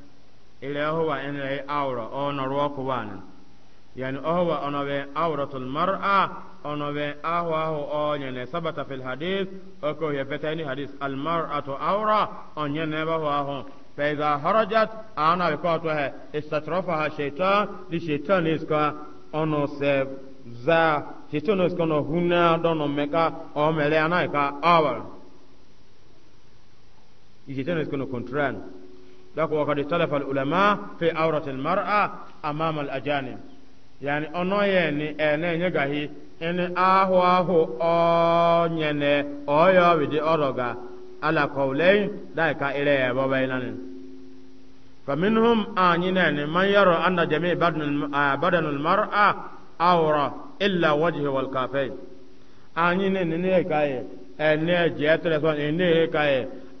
ile huwa in lai awra ono ruwa kuwana yani huwa ono be awratul mar'a ono be ahwa ho onye ne sabata fil hadith oko ye betani hadith al mar'atu awra onye ne ba ho فإذا خرجت أنا بقوتها استطرفها الشيطان للشيطان يسكا أنو سيف za shitunu skono huna dono meka o mele anai ka awal shitunu skono kontran dako wa kadi talafa ulama fi awrati almar'a amama alajanib yani ono ye ni ene nye gahi ene ahu ahu o nyene oyo widi oroga ala qawlain dai ka ire ya baba inani faminhum anina ne man yaro anna jami' badan almar'a awra illa wajhi wal kafayn anina ne ne kai ene je so ene kai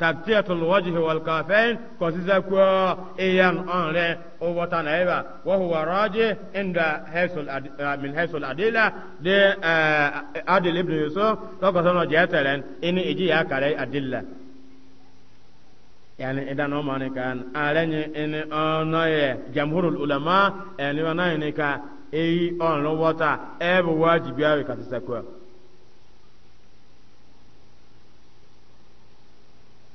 tabtiyatul wajhi wal kafain ko siza ko iyan onre o wata na eba wa huwa raji inda haisul min haisul adila de adil ibn yusuf to ko sono jetelen ini iji ya kare adilla yani idan o mani kan ini jamhurul ulama eni wana ini ka eyi onro wata ebe wajibi awe kasisa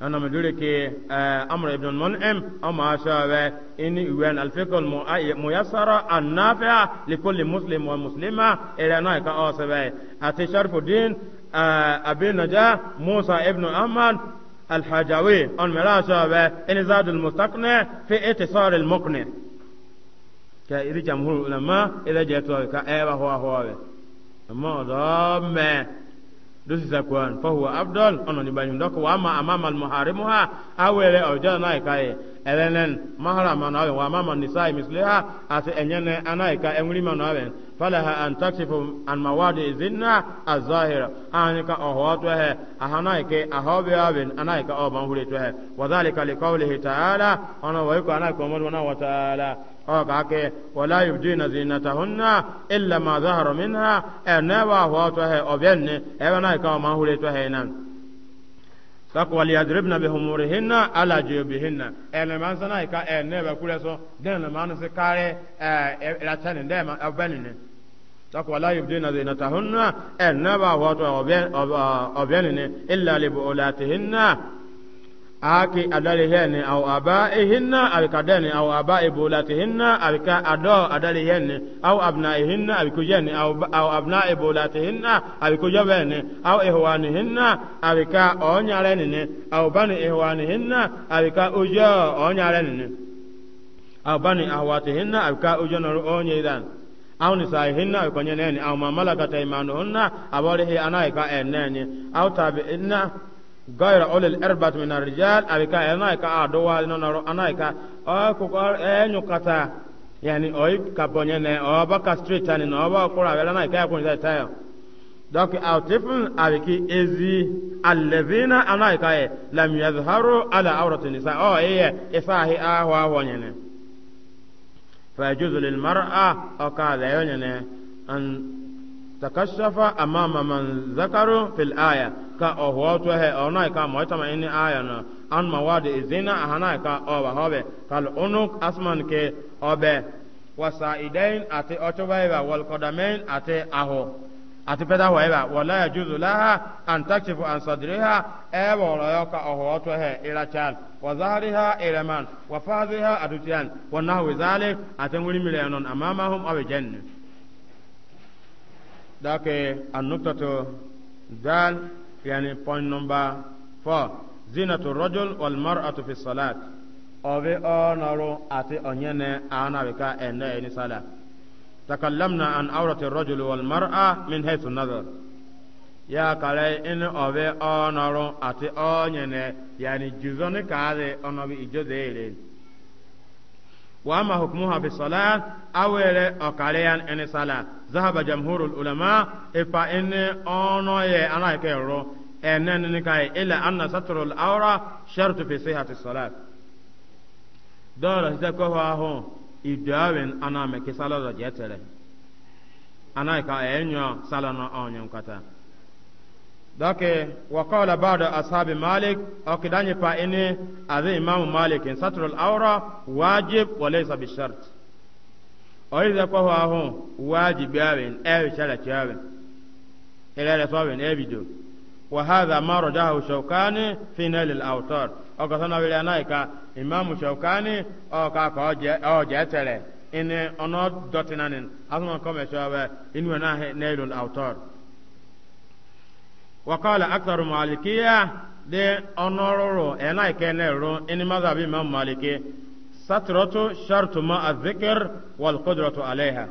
أنا مدري كي آه، أمر ابن المنعم أما أشاوى إني وين الفقه الميسرة النافعة لكل مسلم ومسلمة إلى نايك أوسوى أتي شرف الدين آه، أبي نجا موسى ابن أمان الحجاوي أن ملا أشاوى إن زاد المستقنع في اتصال المقنع كإذا جمهور العلماء إذا جاءتوا كأيوة هو هو ما ضمه dosi zakwan fa huwa afdal ono ni banyum doko wa ama amama al muharimuha awele ojana nai kai elenen maharama na wa amama nisai misliha ati enyene anai ka engrima na wen falaha an taksifu an mawadi zinna az-zahira anika ohwatu he ahanai ke ahobi awen anai ka oban hure to he wa dhalika liqawlihi ta'ala ono wa anai ko mo wa ta'ala ọkàkẹ́ wọlá yubdina zinatahunna illa ma zahara minha ẹ̀nẹ́wà họ́ tọ́hẹ̀ ọ̀bẹ́ni ẹ̀wẹ́ náà ìkà ọmọ ahúrẹ́ tọ́hẹ̀ náà sako wali yadribna bi humurihinna ala jubihinna ene man sana ika ene ba kure so den man se kare eh la tane de ma abanine e, sako wala aki adali hene au abaihinna abikadeni au abai bulatihinna abika ado adali hene au abnaihinna abikujeni au, au abnai bulatihinna abikujobeni au ihwanihinna abika onyalenini au bani ihwanihinna abika ujo onyalenini au bani ahwatihinna abika ujo noru onyidan aw nisaihinna aw konyeneni aw mamalakata imanuhunna abolihi anaika eneni aw tabiinna gaira olil erbat min arrijal abika yana ka adowa no naro anaika o ko ko enyu kata yani oy ka bonye ne o ba ka street ani no ba ko ra na ka ko ta yo donc autifun abiki ezi allazina anaika e lam yazharu ala awrati nisa o oh, iye isahi e, e, ahwa ahonye ne fa juzu lil mar'a o ka la yonye ne an takashafa amama man zakaru fil aya ka ohwoto he onai ka moita ma ini aya na an mawadi izina ahana ka oba hobe kal unuk asman ke obe wasaidain ate otobaiba wal qadamain ate aho ati peda ho eba wala yajuzu laha an takshifu an sadriha eba wala yoka ohwoto he ila chan wa zahriha ila man wa fadhiha adutian wa nahwi zalik ate nguli milenon amamahum awe jannah ذاك النقطة دال يعني point number four زينة الرجل والمرأة في الصلاة أبي أنارو أتي أنينة أنا بكا أنا إني صلاة تكلمنا عن عورة الرجل والمرأة من حيث النظر يا كالي إن أبي أنارو أتي أنينة يعني جزوني كالي أنا بإجازة إليه وأما حكمها في الصلاة أول أقاليا إن صلاة ذهب جمهور العلماء إفا إن أنا أنا كيرو إن نكاي إلا أن ستر الأورا شرط في صحة الصلاة دولة تكوها هون إدعوين أنا مكي صلاة جيتلي أنا كأنيو صلاة أنيو كتا dake wakala bado ashabi malik okidanye pa ini adhi imamu malik in satrul aura wajib walaysa bishart oiza kwa huwa hu wajib yawin ewi chala chawin ilale sawin ebidu wa hadha maro jahu shaukani fi nail al-awtar okasana wile anaika imamu shaukani okaka ojetele ini ono dotinanin asuma kome shawe inwe nahi nail al-awtar wakala aktaru malikiya de onororo ena ikene ru ini mazhabi imam maliki satratu shartu ma azikir wal qudratu alaiha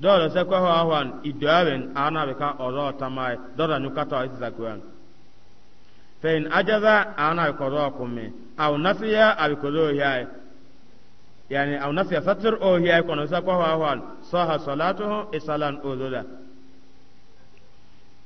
dole se ko hawan idawen ana be ka ozo tamai doda nyukata isi zakwan fa in ajaza ana ko ro kumi aw nasiya abi ko zo yayi yani aw nasiya satr o yayi ko no se ko hawan saha salatuhu isalan uzuda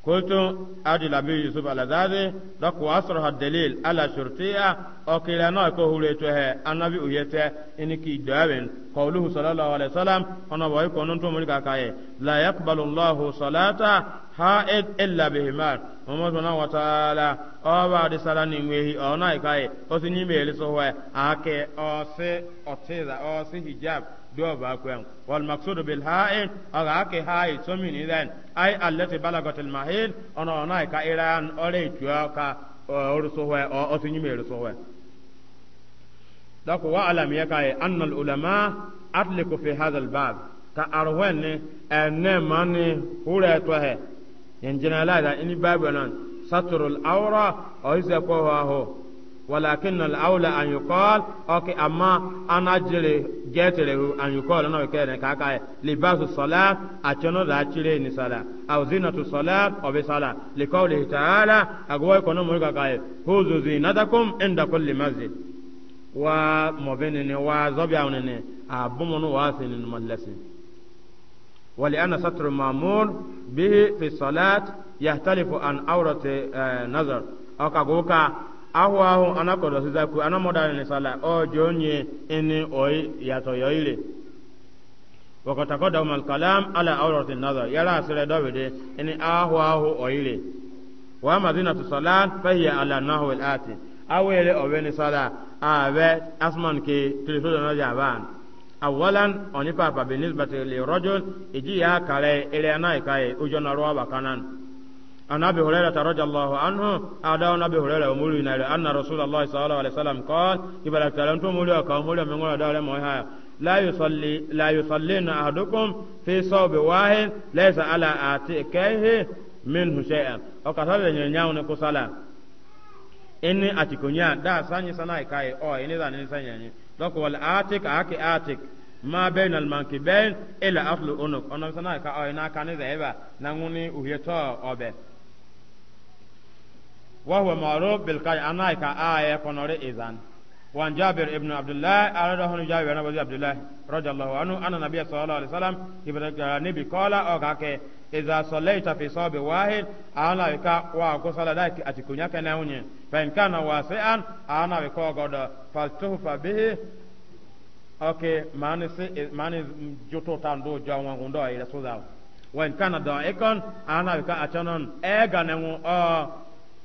قلت أدي لبي يوسف على ذلك لك وأصرها الدليل على شرطية أكيلا نايكو هوليتوها النبي أيته إنك دعوين قوله صلى الله عليه وسلم أنا بأيكو ننتو ملكا كاي لا يقبل الله صلاة حائد إلا بهما وما سبحانه وتعالى أبا دي صلاة نموهي أو نايكاي أسي نمي لسوه أكي أسي أتيزا أسي حجاب دو باكوين والمقصود بالهاء أغاك هاء سمين إذن أي التي بلغت المحيل أنا أنا كإيران أولي جوكا أرسوه أسنجم أرسوه دوك وعلم يكاي أن العلماء أطلق في هذا الباب كأروين أني ماني هوريتوه ينجنالا إذا إني باب ينان سطر الأورا أو إذا هو ولكن الأولى أن يقال أوكي أما أنا جري جاتره أن يقال أنا كان كاكا لباس الصلاة أتشنو ذا ني صلاه أو زينة الصلاة أو بصلاة لقوله تعالى أقوى كنا مرقا كاي هوزو زينتكم عند كل مسجد ني ومبينني وزبيعونني أبومن واسنن ملسن ولأن ستر المامور به في الصلاة يختلف عن عورة آه، نظر أو كاكوكا ahụ ahụ anakọdọsizaku anamọdanilisala ọjọ onye ini oyi yatọ yoire wakọtakọdọmal kalam ala aurati nazar yara asịrị dọbide ini ahụ ahụ oyire wa mazinatu tusala fahiya ala nahwi alati awere obeni sala abe asman ke tilisodo na jaban awalan oni papa binisbati li rajul iji ya kare ile anaikaye ujo na ruwa bakanan عن ابي هريره رضي الله عنه ادا ابي هريره ومولى نار ان رسول الله صلى الله عليه وسلم قال يبارك تعالى تمولي كمولى من غير دار ما لا يصلي لا يصلين احدكم في صوب واحد ليس على اتكه منه شيئا وكثر ينياون كصلاه إني أتكونيا دا ساني سناي كاي أو إني ذا إني ساني دوك والآتك أكي آتك ma bɛn na manki bɛn ila aflu onok ɔnɔ sɛ na ka ɔyɛ na ka ne zɛ ɛba na ŋuni وهو معروف بالقي انايكا اي كنوري اذن وان جابر ابن عبد الله قال له جابر بن عبد الله رضي الله عنه ان النبي صلى الله عليه وسلم النبي قال اوكاك اذا صليت في صوب واحد انا لك وقصل ذلك اتكون يك نوني فان كان واسعا انا لك قد فالتوف به اوكي مانس مانس جوتو تاندو جوان غوندو اي رسول الله وان كان ضائقا انا لك اتنون اغنمو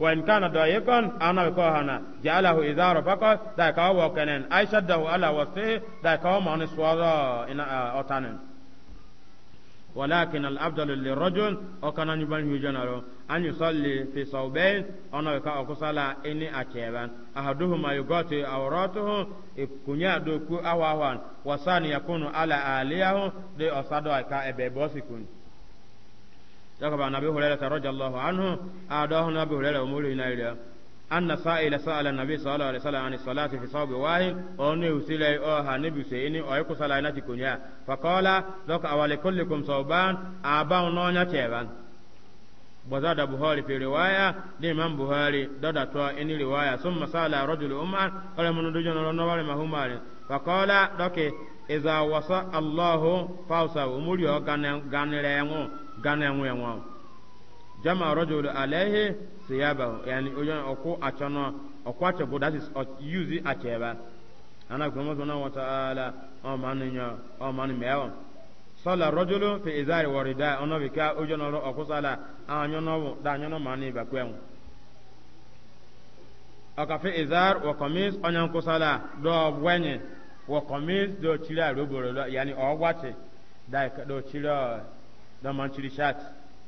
وإن كان ضيقا أنا بكوهنا جعله إزار فقط ذاك هو كنن أي شده على وسطه ذاك هو من سوارا إن أتنن ولكن الأفضل للرجل وكان يبنه جنرو أن يصلي في صوبين أنا بكا أكسلا إني أكيبا أحدهما يغطي أوراته كنيا دوكو أواوان وثاني يكون على آليه دي أصدوا كأبي بوسكون تقبع نبي هريرة رضي الله عنه أعداه نبي هريرة أمور هنا إليه أن سائل سأل النبي صلى الله عليه وسلم عن الصلاة في صوب واحد أني وسيلي أوها نبي سيني أيك صلى الله فقال ذوك أول كلكم صوبان أبا نونا تيبان بزاد بوهاري في رواية دي من بوهاري دادا توا إني رواية ثم سأل رجل أمان قال من دجن الله نوالي مهما فقال ذوك ịza wasa allahu fausa umuri ganire enwu gana enwu enwu jama rajul alaihi siyaba yani oyan oku achano oku achabu that is use acheba ana kuma na wa ta'ala o maninya o mani mewa sala rajulu fi izari warida ono oyan oro oku sala da mani izar wa qamis onyan do wenye wa qamis do chira roboro lo yani o wate da ka do chira da man chiri shat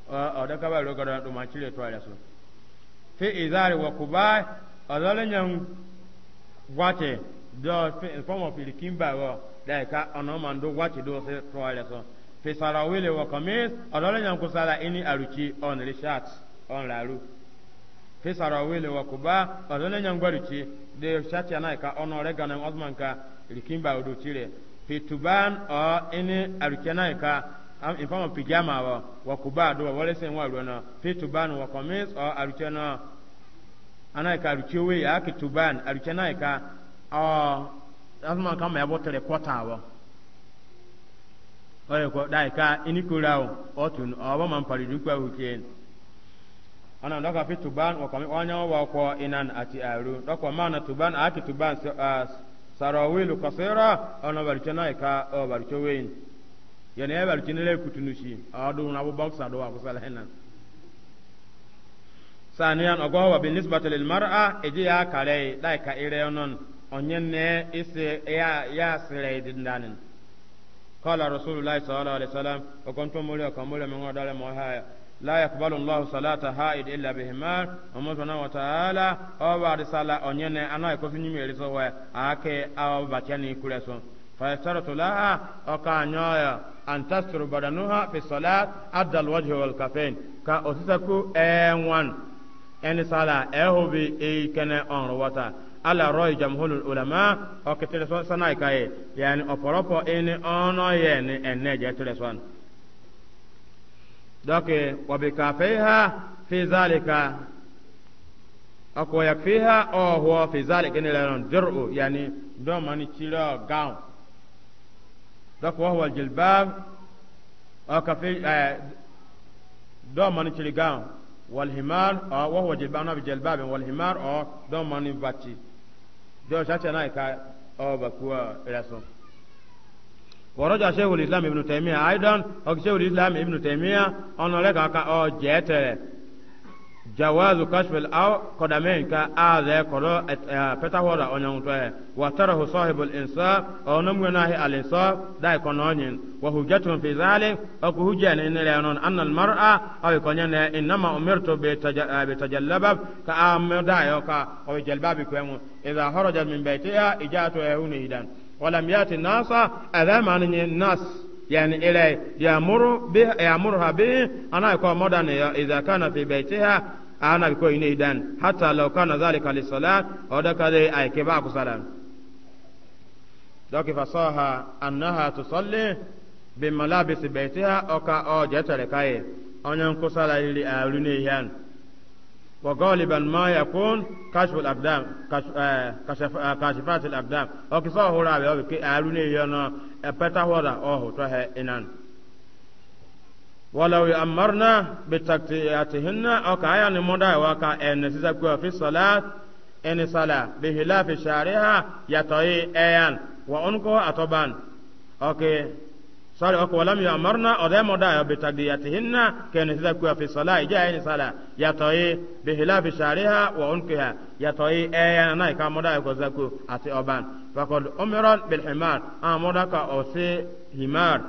o da ka ba rogoro do man chiri to ala so fi izari wa kubai alala nyam wate do fi form of ilikimba wa da ka ono man do wate do se to ala so fi sarawile wa qamis alala nyam ko sala ini aruchi on le shat on la ru fi sarawile wa kuba alala nyam gwaruchi de shat yana ka ono regana osman ka rikimba odo chire fituban o ini arukena ka am in form of pijama wa wa kubado wale sen wa ruona fituban wa qamis o ana anaika aruchewe ya kituban arukena ka o asma kama yabo tere kwata wa oye ko dai ka ini kurao otun o ba man paridu kwa hukien ana ndaka fituban wa qamis onya wa ko inan ati aru ndako mana tuban aki tuban uh, sarawilu kasira ona barche na ka o barche wein yana ya barche ne kutunushi adu na bu box adu wa kusala henan saniyan ogo wa bin nisbati lil mar'a eji ya kare dai ka ire onon onyen ne ise ya ya sire dindanin qala rasulullahi sallallahu alaihi wasallam o kon to mole o mo ngodale mo haya la yakbalu llahu salata haid illa bihima omo subhanahu wa ta'ala o bari sala onyene ana ko sunyi meri so we ake awo bakyani kure so fa yastaratu laha o ka nyoya an tasturu badanuha fi salat adda alwajhi wal kafain ka osisaku enwan eni sala ehobi e kene onro wata ala roy jamhulul ulama o ketere so sanai yani oporopo eni ono yeni enne je so dɔke wabikafeiha fi zalika ako yakfiha ɔhɔ fi zalika ne lɛrɔn dir'u yani dɔn mani cirɔ gaun dɔke wɔhɔ jilbab ɔkafi ɛɛ eh, dɔn mani ciri gaun walhimar ɔ wɔhɔ jilbab nabi jilbab walhimar ɔ dɔn mani bati dɔn sasɛ n'a ka ɔ bakuwa rɛsɔn ورجع شيخ الإسلام ابن تيمية أيضا أو شيخ الإسلام ابن تيمية أن لك أو جيتر جواز كشف الأو قدمين كآذى قرى آه، فتحورا أو نمتوه وتره صاحب الإنصاف أو نموناه الإنصاف دا كنونين وهجتهم في ذلك أو هجان إن لأنون أن المرأة أو يكونين إنما أمرت آه، بتجلبب كآمر داي أو جلبابي كوامو إذا خرجت من بيتها إجاءته هنا ولم يات الناس أذا ما الناس يعني إلي يأمر به يأمرها به أنا يكون مدن إذا كان في بيتها أنا يكون ينيدان حتى لو كان ذلك للصلاة أو ذلك أي كباك صلاة دوك فصاها أنها تصلي بملابس بيتها أو كأو جتر كاي أن ينقص للي يعني وغالبا ما يكون كشف الأقدام كشف آه، كشفات آه، الأقدام أكسا هورا او كي أروني ينا أبتا أه، هورا أوه توه إنان ولو يأمرنا بتكتياتهن أو كايا نمودا وكا إن سيزاكو في الصلاة إن صلاة بهلاف شارها يطوي أيان وأنكو اتوبان أوكي sari oko walam yamarna odemo dayo bitadiyatihinna kene sida kuwa fi sala ija ni sala yatoyi bihilafi shariha wa unkiha yatoyi eya na ka moda ko zaku ati oban fakod umran bil himar amoda ka osi himar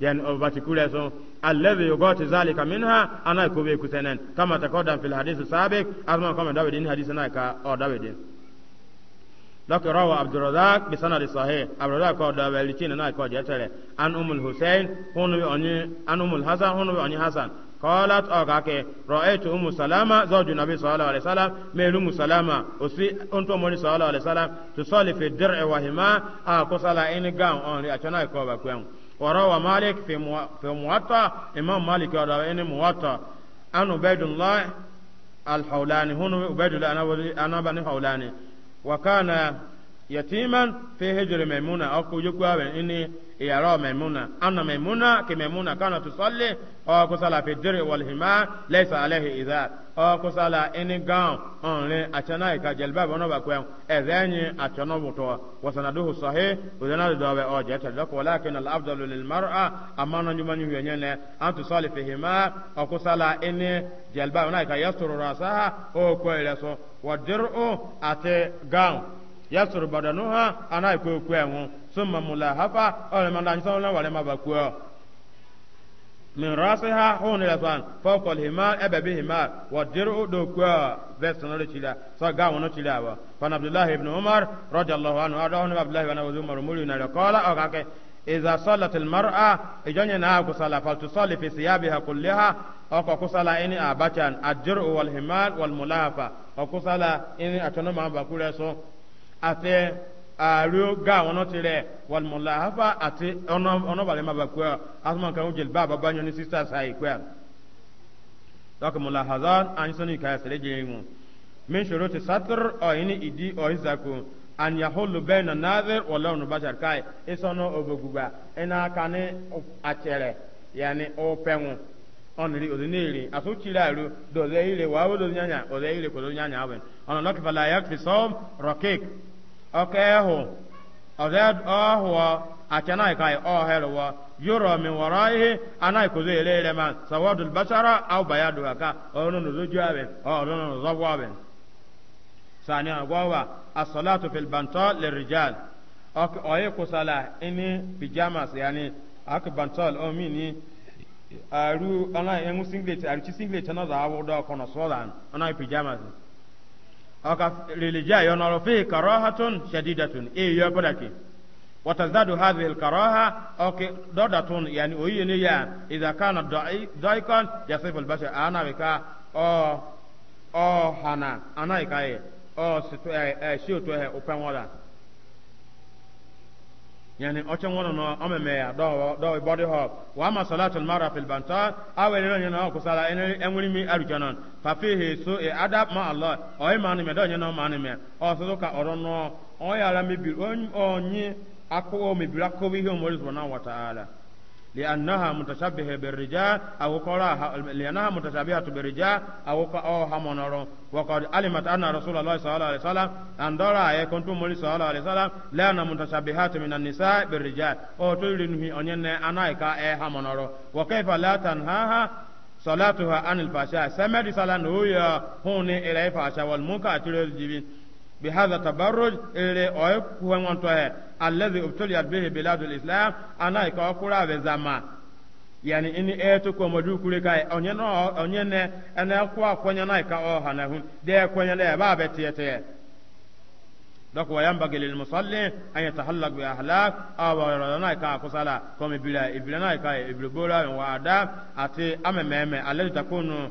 yani obati kule so alladhi yugati zalika minha ana ko be kutenen kama takoda fil hadith sabiq azma kama dawidin hadith na ka o dawidin لكن روى عبد الرزاق بسند صحيح عبد الرزاق قال دابلي تشين ناي قال جتر عن ام الحسين هون اني عن ام الحسن هون اني حسن قالت اوكاك رايت ام سلامه زوج النبي صلى الله عليه وسلم ميل ام سلامه اسي انت مولى صلى الله عليه وسلم تصلي في الدرع وهما اقصلا ان غان ان اتناي قال بكم وروى مالك في مو... في موطا امام مالك قال ان موطا عن عبيد الله الحولاني هون عبيد الله انا انا بني حولاني wa kana yatiman fi hijri maimuna akujukwa ini يرى ميمونة أن ميمونة كميمونة كانت تصلي أو كسالة في الدر والهما ليس عليه إذا أو كسالة إن قام أن أتنا كجلباب ونبا كوين إذن أتنا بطوة وسنده صحيح وذنا دوابة أو جيت لك ولكن الأفضل للمرأة أما نجمان يوينين أن تصلي فيهما أو كسالة إن جلباب ونبا يستر رأسها أو كويلسو والدرء أتي قام yasuru badanuha ana ikwe kwe mu summa mulahafa ole manda nyiso na wale mabakwa min rasiha hone lafan fawqa alhimal ababi himal wa diru do kwa vesna le chila so ga wono chila wa fan abdullah ibn umar radiyallahu anhu adahun abdullah ibn umar muli na qala akake iza sallat almar'a ijanya na ku sala fal tusalli fi siyabiha kulliha aw ka kusala ini abatan adru wal himal wal mulahafa aw kusala ini atono ma so ate aario gaa wɔn ti rɛ walimɔla hafa ate ɔnɔbali ma ba kuya asuma kan jeli ba ba banyɔ ni sista sa yi kuya dɔkɛ mɔla min ti satir ɔyini idi ɔyi zako an yahulu bɛɛ na kai isɔnɔ ị na-aka onri ozinere asuchiri aru doze ire wa awodo nyanya oze ire kodo nyanya awen ono loki fala yak fi som rokik oke ehu oze ohuwa achana ikai oheruwa yoro min waraihi ana ikozo ere ere man sawadul bashara aw bayadu aka ono nuzuju awen ono nuzawu awen sani agwawa as-salatu fil banta lirijal oye kusala ini pijamas yani ak bantol o oh, mi ni aru ana yangu singlet aru chi singlet na za awu da kono sodan ana pajamas aka lilija yana rafi karahatun shadidatun e yo padaki watazadu hadhihi alkaraha okay dodatun yani oyi ne ya izakana kana da'i da'ikan yasifu albashar ana bika o o hana ana ikaye o situ e, e shi to he upenwala yani ocho ngono no omeme ya do do body hop wa ma salatul mara fil awere no nyana ko sala en enwiri mi arujanan fa fihi su e adab ma allah o e manu me do nyana o so ka orono o ya la mi onye onyi akwo mi bi akwo bi ho mo subhanahu لأنها متشابهة بالرجال أو قراء لأنها متشابهة بالرجال أو قراء همنر وقد علمت أن رسول الله صلى الله عليه وسلم أن درى كنت مولي صلى الله عليه وسلم لأن متشابهات من النساء بالرجال أو تلنه أن أنايكا همنر وكيف لا تنهاها صلاتها عن الفاشاء سمد صلاة هو هوني إلى فاشاء والمنكر تلوز بهذا التبرج اللي أويك هو منطقة الذي ابتليت به بلاد الإسلام أنا إكاكورا بزما yani ini eto ko modu kure kai onye no onye ne ana na ka o ha na hun de kwanya le ba be tiete dok wa yamba gelil musalli an yatahallaq bi ahlak aw wa na ka ko sala ko mi bila ibila na ka iblo wa ada ate amememe takunu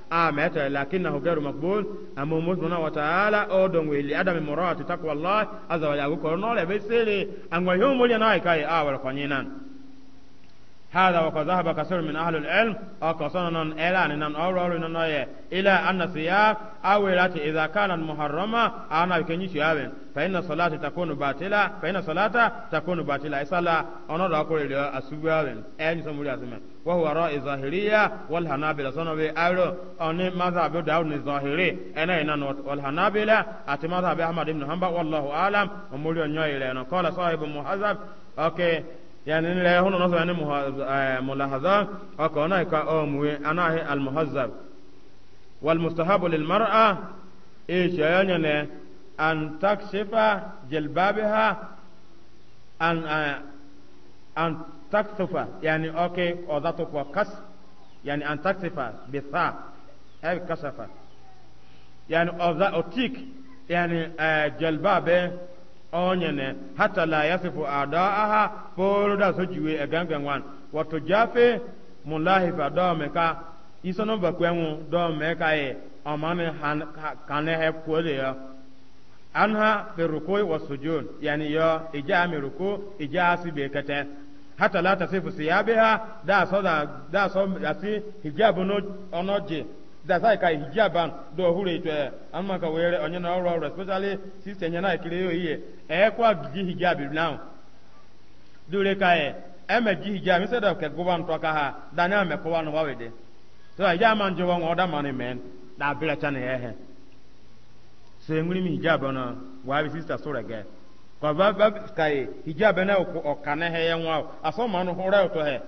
amete lakinahu gairu makbul amumu subhanahu wa ta'ala odongo ili adam murati taqwa allah azza wa jalla ko no le besele angwa yomo le na kai awal kwanyinan هذا وقد ذهب كثير من أهل العلم أو كثير من إعلان أن أورور إلى أن الثياب أو إذا كانت محرمة أنا يكني شيئا فإن الصلاة تكون باطلة فإن الصلاة تكون باطلة إصلا أنا اقول إلى أسبوع أين سمولي أسمع وهو رأي ظاهرية والهنابلة صنبي أولو أن ماذا أبو داود الظاهري أنا إن والهنابلة أتي ماذا أحمد بن حنبل والله أعلم ومولي أن يأي قال صاحب المحذب أوكي okay. يعني لا هنا نصب يعني آه، ملاحظة أي كأم أنا هي المهذب والمستحب للمرأة إيش يعني أن تكشف جلبابها أن آه، أن تكشف يعني أوكي أذاتك وكس يعني أن تكشف بثا هاي كشفة يعني أضع أتيك يعني آه، جلبابه onyene hata la yasifu adaaha polo da so jiwe egange ngwan wato jafe mulahifa do meka isono bakwenwu do meka e amane han kane he kwole ya anha bi rukui wa sujud yani yo ija mi ruku ija asibe kete hata la tasifu siyabiha da so da da so asi hijabu no onoje dasa ka hijaban do hure to amma ka were onye na ọrụ ọrụ especially sister ọrụ na kire yo iye e kwa gi hijabi now dure ka e eme eh, eh, gi hijabi instead of ke govan to ka ha danya me ko wanu wa so ya man jo wan oda man men da bira cha ne ehe eh. so uh, enwiri mi hijab na wa bi sister so rege ba ba hijab na o he ye nwa aso man to he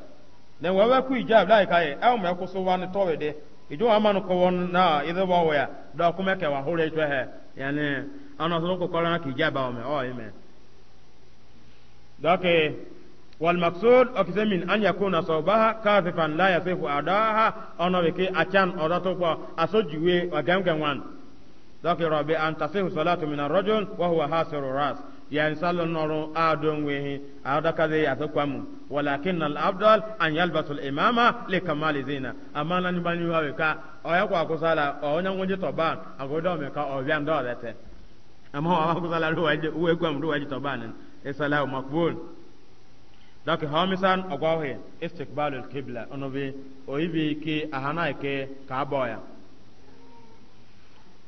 wa ba ku hijab e o me ko so to wede ijo amanu ko won na ido ba waya da kuma ke wa hore to he yani ana so ko kala ki jaba o me o ime dake wal maqsud akiza min an yakuna sawbaha kazifan la yasifu adaha ana be ke achan oda to ko asojiwe wa gamgan wan dake rabbi an tasihu salatu min ar-rajul wa huwa hasiru ras yani sallo noro a don wehi a da ka zai yasa kwamu walakin al abdal an yalbasul imama li kamali zina amma nan ban yi hawe ka o ya kwa kusala o nya ngonje to ban a go me ka o bian do lete amma o ma kusala ruwa je uwe kwamu ruwa je to ban isala makbul dɔki hɔmisan ɔgɔhi istikbalul kibla ɔnɔbi oyibi ki ahana ike kaa bɔya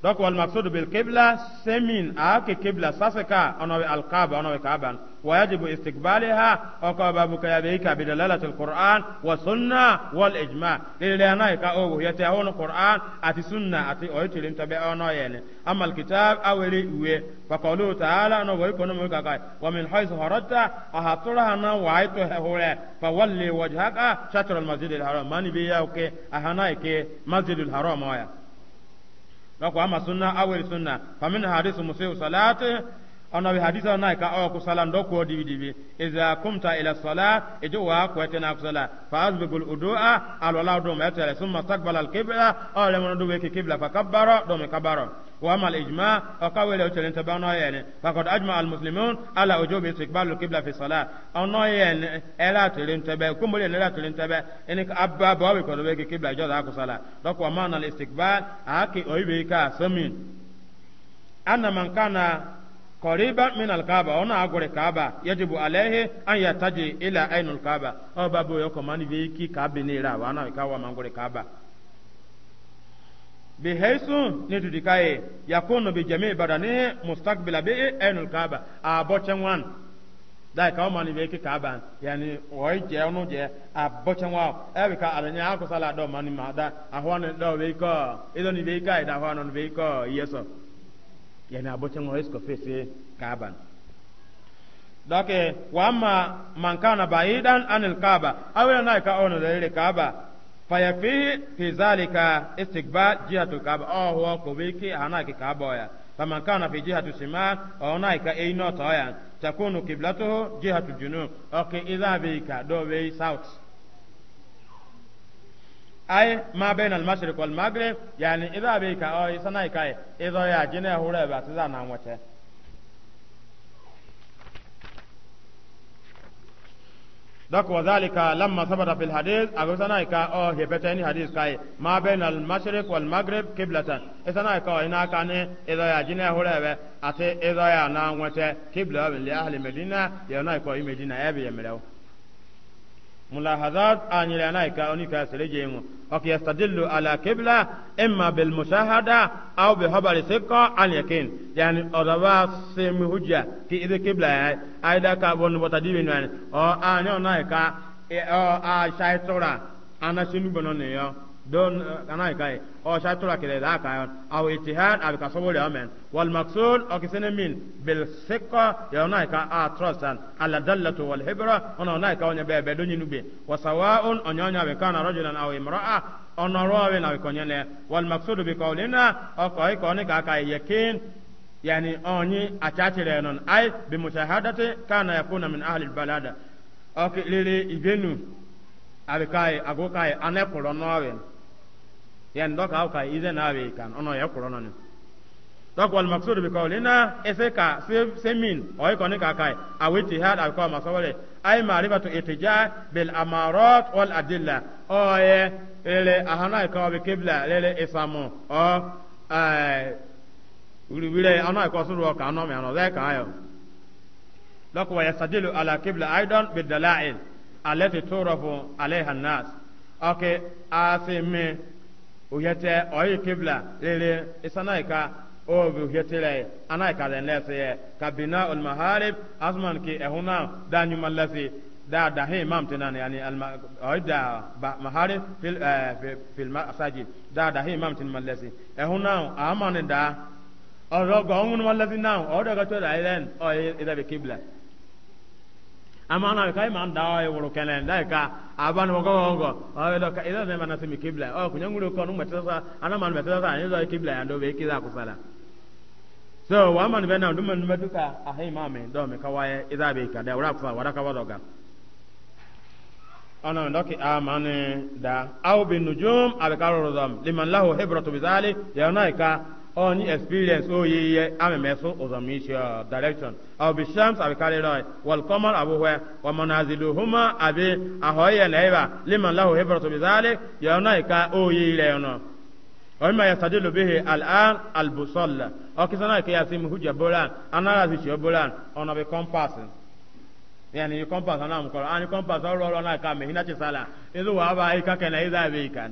donc on wal maqsudu bil qibla semin a ke qibla sasaka ono al kaaba ono kaaban wa yajibu istiqbalaha o ka babu ka yabe ka bidalalatil qur'an wa sunna wal ijma lele na ka o ya ta hono qur'an ati sunna ati o tilim tabe ono yene amal kitab aweli uwe fa qawlu ta'ala ono wa ikono mo ka kai wa min haythu harata ahatura na wa aito hore fa walli wajhaka shatr al masjid al haram mani biya ke ahana ke masjid al haram waya nako ama sunna awel sunna famin hadisu musiu salati ona bi hadisa na ka awa oh, ku sala ndo ko dibi dibi iza kumta ila sala ejo wa ko ete na sala fa azbigul udua alwala do ma tele summa taqbala al qibla aw oh, lam ndu be qibla fa kabbara do me kabbara وأما الإجماع أقوى لو تلين تبعنا يعني فقد أجمع المسلمون على وجوب استقبال القبلة في الصلاة أو نوع يعني إلا تلين تبع كم بلين إلا تلين تبع إنك أبا بابي كل بيك قبلة جزء أكو صلاة لك ومعنى الاستقبال أكي أي بيكا سمين أن من كان قريبا من الكعبة أنا أقول الكعبة يجب عليه أن يتجي إلى أين الكعبة أو بابو يكو ماني بيكي كابي نيرا وأنا بيكا وما أقول bihaisu ne tudikaye yakunu bi jami badani mustaqbila bi ainul kaaba a bocen wan dai ka mani be ki kaaba yani oy je onu je a bocen wa e bi ka adanya aku sala do mani ma da ahwan do be ko ido ni be ka da ahwan on be ko yeso yani a bocen wa isko fese kaaba dake wa amma man kana ba'idan anil kaaba awela nai ka onu da ile kaaba fayafihi fi zalika istikbal jihatul kaaba o huwa kubiki anaki kaboya faman kana fi jihati shimal onaika eino toya takunu kiblatuhu jihatu junub oke idha bika do way south ay ma baina al-mashriq wal maghrib yani idha bika o isanaika idha ya jina hura ba tazana wata dɔk wa zalika lamma sabata fil hadis agosana ka o hepeteni hadis kai ma bain al mashriq wal maghrib qiblatan isana ka o ina ka ne ido ya jina horebe ate ido ya na nwete qibla li ahli medina ya na ko i medina ebe ya melewo ملاحظات عن لانايك اونيكا سريجيم اوكي يستدل على قبلة اما بالمشاهدة او بخبر ثقة عن يقين يعني اضربا سيم حجة في اذا قبلة ايدا كابون بتدين يعني او اني اونايكا او اشايتورا انا شنو بنونيو don uh, anai kai o sha tura kire da ka aw ittihad abi ka sabole amen wal maqsud o kisene min bil sikka ya anai ka a trustan ala dallatu wal hibra ona anai ka onya be be don yinu be wa sawaun onya onya be kana rajulan aw imra'a onoro we na ko nyele wal maqsud bi qawlina o ko ko ni ka ka yakin yani onyi achachire non ai bi kana yakuna min ahli al balada ibenu abi kai ago kai anekoro no yan doka auka ize na be kan ono ya kurono ne dok wal maqsud bi qawlina ese ka semin o ko ne ka kai awiti had al qawma sawale ay ma'rifatu itija bil amarat wal adilla o ye ele ahana ka be kibla lele isamu o ay eh, wuri wire ana ko suru ka no me ano ze ka ayo dok wa yasadilu ala kibla aidan bid dalail allati turafu alaiha an-nas okay asimi uhete oyi kibla lele isanaika obi uhetire anaika den lese ka bina ul maharib asman ki ehuna da nyuma lese da da he imam tinan yani al oida maharib fil eh, fil masajid da da he imam tin malese ehuna amane da orogo ongun malese now odaga to da ilen oyi ida be kibla amana ka man dawa e woro kenen dai ka aban mo go go awe do ka ida ne mana simi kibla o kunyangure ko numa tsa ana man metsa sa ne do kibla ando be kiza ku sala so wa man be na ndum ndum duka a ma me do me kawaye ida be ka da wura kusa wada ka wadoga ana ndo ki amane da au bin nujum al zam liman lahu hibratu bizali ya naika On experience oyi ihe amemesu ụzọmisio direction abi shams abi kariroi wal common abuwe wa manazilu huma abi ahoye na iba liman lahu hibratu bizalik yauna ika oyi oh, ile yono oyima yastadilu bihi al'an albusalla okisana ike yasim hujja bolan anarazi shio bolan ona bi compasses yani yi compass ana mukoro ani compass ọrụ ọrụ na aka mehinachisala izu wa aba ika kena iza abe ikan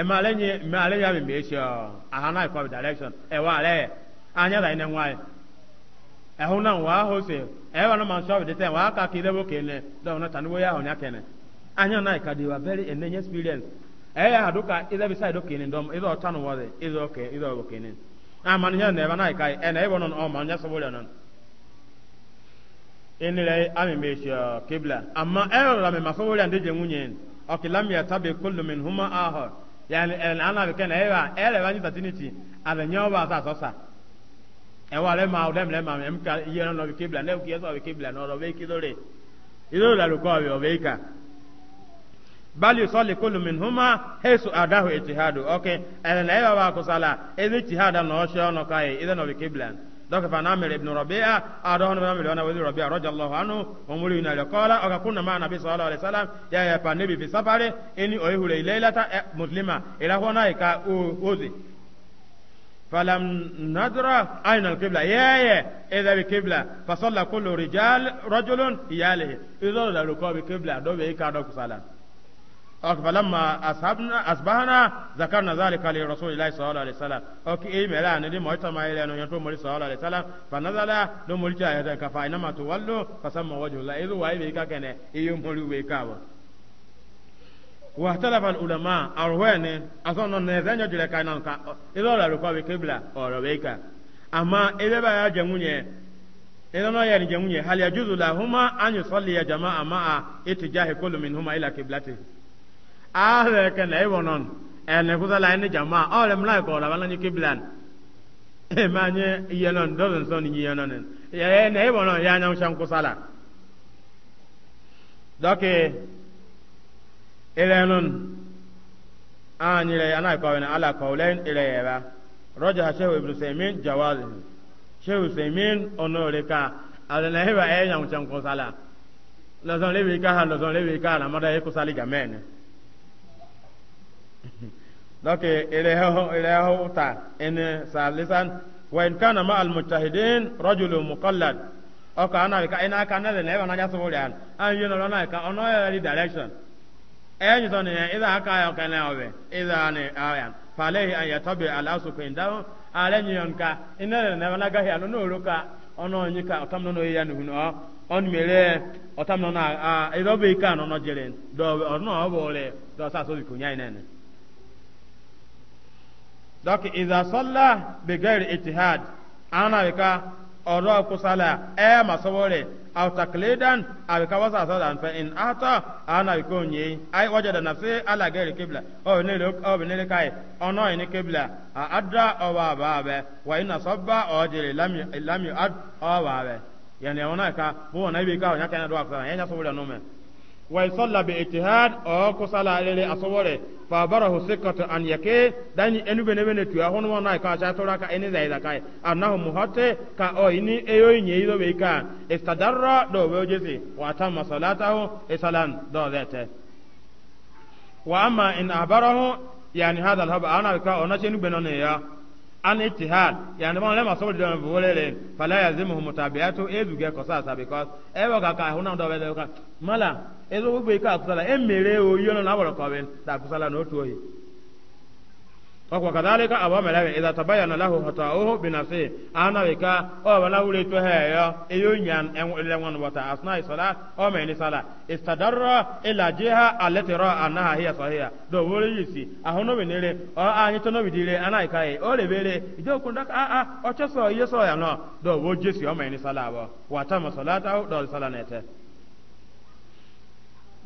ma nye emale ya mbe oh, aha na iko direction e wa anya da ine nwai e na wa ho se e no man so de te wa ka ki debo kene do no tanu ya kene anya na ka very enenye experience e ya haduka bi side okene ndom de okene nya ba na ka e na e wonon o nya so enile oh, kibla amma e la me tabe kullu min huma yani el eh, ana be kana eh, ewa ele eh, wani satiniti ala nyoba sa sosa ewa le ma odem le ma em ka yero no kibla ne ukiye so kibla no ro be kidore ido la lu ko be obeka bal yusalli kullu minhuma haythu adahu ijtihadu okay ele le wa ko sala ebe ijtihada no sho no kai ido no kibla دوك فنامر ابن ربيعة أدون نامر وانا وزير ربيعة رضي الله عنه ومولي نال قال أكون مع النبي صلى الله عليه وسلم يا يا فنبي في سفر إني أيه ليلة مسلمة إلى هنا إكا أوزي فلم ندر أين القبلة يا يا إذا بقبلة فصلى كل رجال رجل ياله إذا لو قبلة دو بيكا دوك سلام ok falamma ashabna asbahna zakarna zalika li rasulillahi sallallahu alaihi wasallam ok e mera ne de moita ma ile no yanto mori sallallahu alaihi wasallam fa nazala do mori ja ya ka fa ina ma to wallo fa samma wajhu la idu wa ibe ka kene e yo mori we ka wa wa talaba al ulama arwani azono ne zanyo jile ka nan ka ido la ko we kibla oro we ka amma ebe ba ya jangunye إنما يرجعون هل يجوز لهما أن يصلي جماعة مع اتجاه كل منهما إلى قبلته awe kele iwonon ene kuzala ene jama ole mlai ko la bananyi kiblan emanye yenon dozon son yi yenon ya ene iwonon ya nyam shan Dọkị doke elenon anyị anai ko ene ala ko len ile yeba roja shehu ibnu saymin jawazi shehu saymin onore ka adana heba e nyam shan kusala lọsọn lebi ka ha lọsọn lebi ka ha na mada e kusali gamene donc ileho ileho ta en salisan wa in kana ma al mujtahidin rajulun muqallad o ka ana ka ina na le na so wori an an you know na ka ono ya direction e ida aka ya ka na obe ida ne ayan falehi al ina le na ga ya no ka ono nyi ka no no ya no on na a be ka no no jere do donc iza salla bi gairi ana wika ọrọ kusala ẹ e ma sọwọrẹ aw taklidan abi ka wasa sada fa in ata ana bi ko nye ai wajada nafsi ala gairi qibla o ne lo o ne le kai ono ni qibla a adra o ba ba be wa inna sabba o jiri lam lam ad o ba be yani ona ka bo na bi ka o nya kana do akara nya sọwọrẹ no ويصلى باجتهاد او كسلا للي اصوره فبره سكة ان يكي داني انو بني بني تيا هون وانا كا شاتورا كا اني زايدا كاي انه مهت كا او اني ايو ني يدو بيكا استدر دو بوجسي واتم صلاته اسلام دو ذاته واما ان عبره يعني هذا الهب انا كا اوناشي نو بنونيا an ittihad yani ma lema so de volele fala yazimu mutabiatu edu ge ko sasa because e wo ka ka huna ndo be ka mala ezo wo be ka sala e mere o yono na woro ko ben da kusala no tuohi wa kadhalika awa melawe idha tabayyana lahu hata'uhu bi nafsihi ana wika o wala wule to heyo eyo nyan en le won wata asna sala o me ni sala istadarra ila jiha allati ra'a annaha hiya sahiha do wole yisi ahono we o anyi to no ana ikai o ijo kunda a a o choso yeso ya no do wo jesi o sala wa wa masalata do sala nete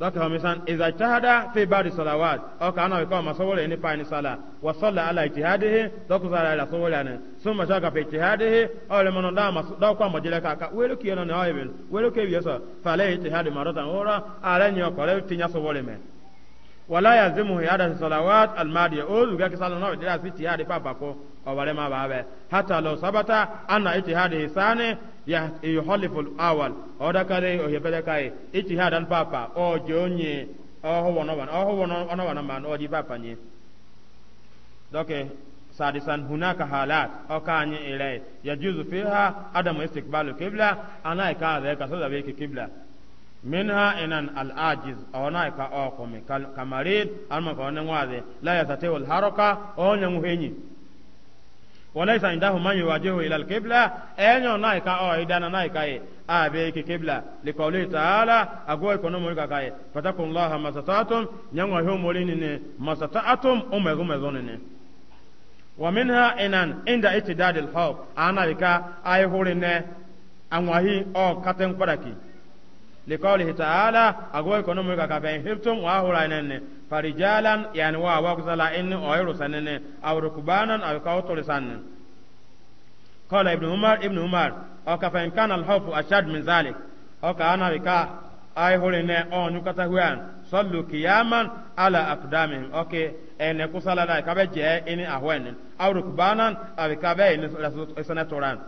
dɔkta homisan iza jahada fi ba'di salawat o ka ana ko masawole ni pa ni sala wa salla ala ijtihadihi dɔkta sala ala sawole ne summa shaka fi ijtihadihi o le mono da mas da ko mo jele ka ka welo ki no ay bel welo ke wiesa fa le ijtihadi marata ora ala nyo ko le tinya sawole me wala yazimu hiada salawat al o lu ga ki sala no jira pa bako ọbarema baabe hata lo sabata ana iti hadi sani ya iyo yuhalifu awal O ọdakari Iti itihadan papa ọjọnye ọhụwọnọwana ma na ọjị papa nye dọke sadisan hunaka halat ọka anyị ire ya juzu fi ha adamu istikbalu Ana anaika abe ka sọzabe ki kibla منها إن العاجز أو نايكا أو كمريض أما فأنا لا يستطيع الحركة أو نمهيني walaisa indahu man yuwajihu ila alqibla enyo naika o idana naika e abe ki qibla liqawli ta'ala ago ko no mulka kai fatakullaha masatatum nyangwa ho molini ne masatatum umma gumma zonene wa minha inan inda itidad alhawf ana bika ay لقوله تعالى أقول كنوم كفين هبتم خفتم وأهلا فرجالا يعني وأوكزل إن أويرو سنن أو ركبانا أو كوتو لسنن قال ابن عمر ابن عمر أو كفين كان الحب أشد من ذلك أو كأنا بك أي هولين أو نكتهوان صلوا كياما على أقدامهم أوكي إن كسلا لا كبجة إن أهوان أو ركبانا أو كبجة إن سنتوران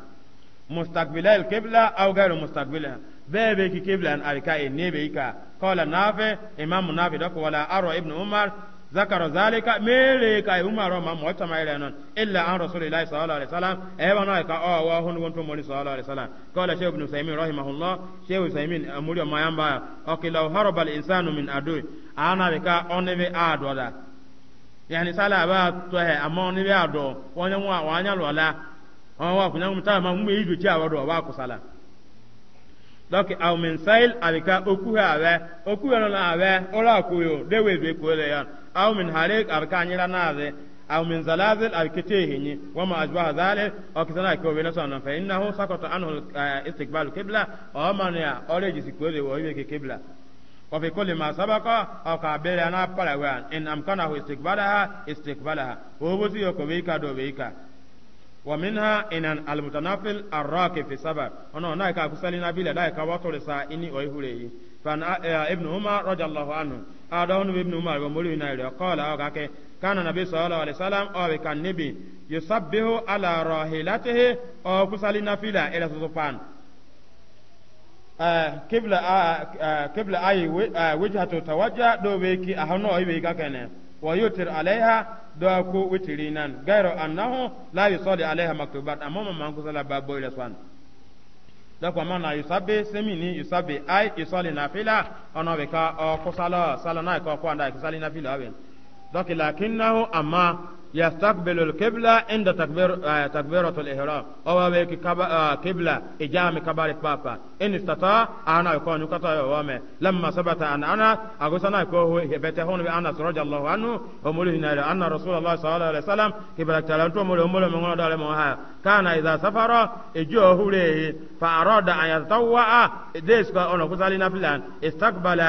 مستقبل الكبلة أو غير مستقبلها bebe ki kiblan alka inebe e ika qala nafi imam nafi dako wala aro ibn umar zakara zalika mele ka e umar ma mota ma ila non illa an rasulillahi sallallahu alaihi wasallam e wana ka o wa hun won to moli sallallahu alaihi wasallam qala shaykh ibn usaymin rahimahullah shaykh usaymin amuri eh, ma yamba o ki dɔki awumin sayil abika okuhe awɛ okuhe no na awɛ ɔlɔ akuyo de wezue kuo le yan awumin harik abika anyira na awɛ awumin zalazil abika te hinyi wama ajuwa hazali ɔkisana ake obe nasan nɔfɛ innahu sakɔtɔ anu eh, istikbalu kibla ɔmanu ya ɔlɔ ejisi kuo le wɔ ibe ke kibla وفي كل ما سبق أو قابل أنا بلوان إن أمكنه استقبالها استقبالها وبوسي يكويكا دوبيكا wa minha inan almutanafil arraki fi sabar ono na ka kusali na bila dai ka sa ini oi hureyi fan eh, ibn umar radiyallahu anhu adawnu ibn umar wa muri na ri qala aga ke kana nabi sallallahu alaihi wasallam aw kan nabi yusabbihu ala rahilatihi aw kusali na fila ila sufan eh, kibla eh, kibla ayi wajhatu tawajja do be ki ahno oi be kene wa yutir alaiha da ko witiri nan gairo annahu la yusalli alaiha maktubat amma man man kusala babbo ila swan da kwa man la yusabi semini yusabi ai yusalli nafila ona be ka o kusala sala na ko ko anda yusalli nafila aben doki lakinnahu amma يستقبل القبلة عند تكبير آه تكبيرة الإحرام أو بيك آه، قبلة آه إجام كبار بابا إن استطاع أنا يكون يكتا يوامي لما ثبت أن أنا أقول أقصنا يكوه يبتهون بأن سرج الله عنه أموله نالا أن رسول الله صلى الله عليه وسلم قبلة تلانتو أموله أموله من غنى موها كان إذا سفر إجوه له فأراد أن يتطوع ديسك أنا قصالي نفلان استقبل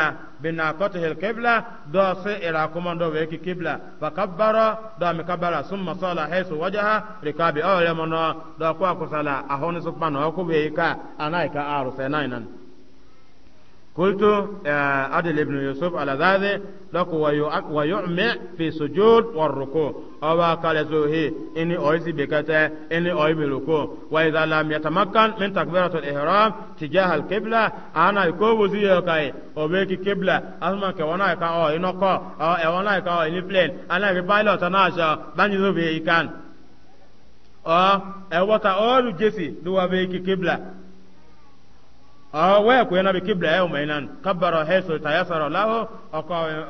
بناقته القبلة دوس إلى كماندو ويكي قبلة فكبر دو مكبر ثم صلى حيث وجهه ركاب أول يمنا دو قوة كسلا أهون سبحانه وكبهيكا أنايكا أرسل ناينا قلت آه، عدل ابن يوسف على ذلك لك ويعمع في سجود والركوع oba kale zuhi ini oizi bekete ini oimiluko wa idha lam yatamakkan min takbiratul ihram tijaha alqibla ana ko wuzi yokai obe ki qibla asma ke wana ka o inoko o e wana ka o ini plane ana ke pilot na sha banyi zubi ikan o e wata olu jesi duwa be ki qibla o we ko na be qibla e o mainan kabbara haythu tayassara lahu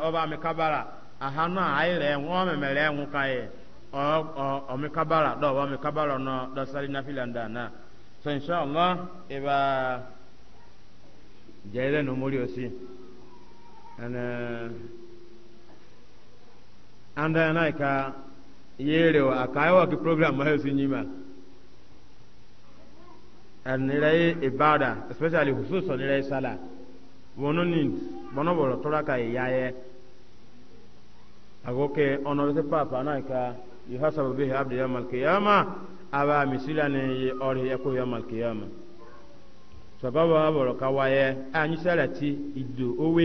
o mi kabbara aha na ayi re nwa ome mere nwu kai o o mi do wa mi no do sari na filanda na so inshallah iba jere no mori osi and uh, and then ka yere wa kai wa ki program ma osi nyima and rai ibada especially hususan rai sala wono ni bono boro tora yaye agoke ono bese papa anaika yuhasabu bihi abdu yawm alqiyama aba misila ne ye ori eko yawm alqiyama sababu aboro kawaye anyi salati idu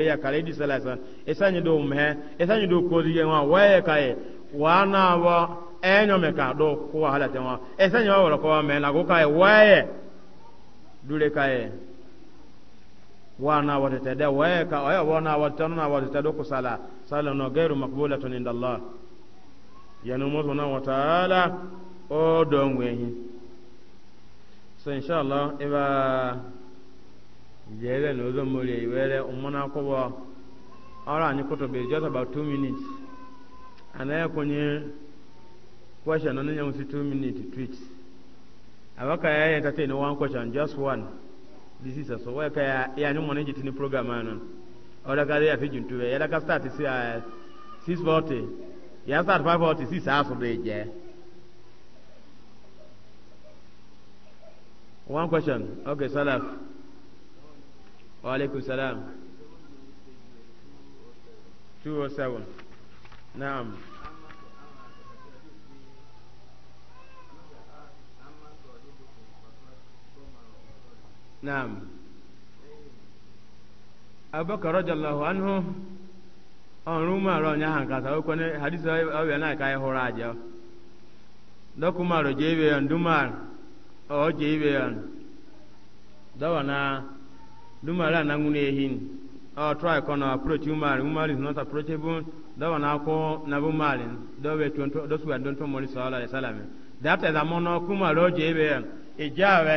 ya kale di salasa esanyi do mhe esanyi do waye wa enyo meka do ko esanyi wa ka سالنا غير مقبولة عند الله يعني مزمنا وتعالى او دون وين so inshallah iba jere na ozo mori iwere umana akwụkwọ ọrụ anyị kwụtụbe just about 2 minutes anaghị akwụnye question na nye nwụsị 2 minutes tweets abaka ya entertain one question just one this is a so wee ka ya anyị mmanụ iji tinye program ahụ ọ̀rẹ́ ká fi jùntú rẹ̀ yẹ́lẹ́ ká start uh, six forty yẹ́n start five forty six àásùn lè jẹ́. one question okay salaf wa aleykum salam two oh seven naam. Naam. abubakar rajallahu anhu ọrụ umaru ọnya ha nkata okwene hadisi ọbịa na aka hụrụ aja dọkumaru je ibe ya ndumar ọ je ibe ya dawa na dumar a na nwune ehin ọ try kọna approach umaru umaru is not approachable dawa na akwụ na bụ bumari dọwe dosuwa ndontomori sọlọ salami that is amọ na ọkụ umaru ọ je ibe ya ijawe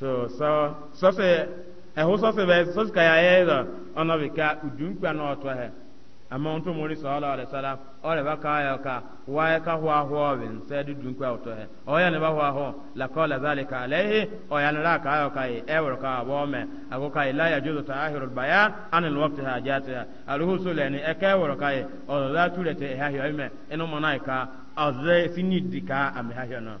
so so so se ehu so se be so ka ya ye da ona bi ka udun kwa na oto he ama onto mori sallallahu alaihi wasallam ore ba ka ya ka wa ka huwa huwa bin se du dun kwa oto he o ya ne ba huwa ho la qala zalika alaihi o ya ne ra ka ya ka e wer ka bo me ago ka ila ya juzu tahiru al bayan an al waqt so, al husul yani e ka wer e ka e o la tulete ha hi me eno monai ka azre sinidika am ha hi na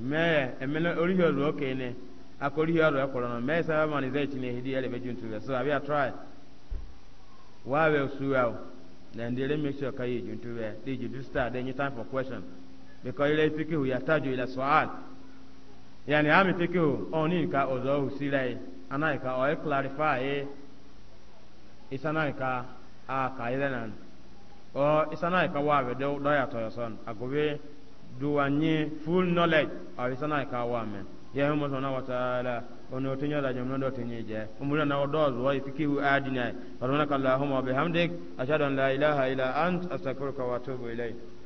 mɛɛ ɛmɛnɛ orihi ɔlu ɔkene akorihi ɔlu ɛkɔlɔ no mɛɛ sɛ ɛma ne zɛ ekyi ne hidi ɛlɛ bɛ juntu lɛ so abi atrai waa bɛ osu awo then they let make sure ka yi juntu bɛ de juntu star de nye time for question because ilẹ̀ ipike hu yata jo ilẹ̀ sɔal yanni ami pike hu ɔni nka ɔzɔ hu si la yi ana ka ɔyɛ clarify ye isana ka a yi lɛ nan ɔ isana ka waa bɛ dɔ yatɔ agobe duwanye full knowledge awisana ka wame ya hemo sona wa taala ono tinya da jamna do tinye je umura na odo zo wa fikihu adina subhanaka allahumma wa bihamdik ashhadu an la ilaha illa ant astaghfiruka wa atubu ilayk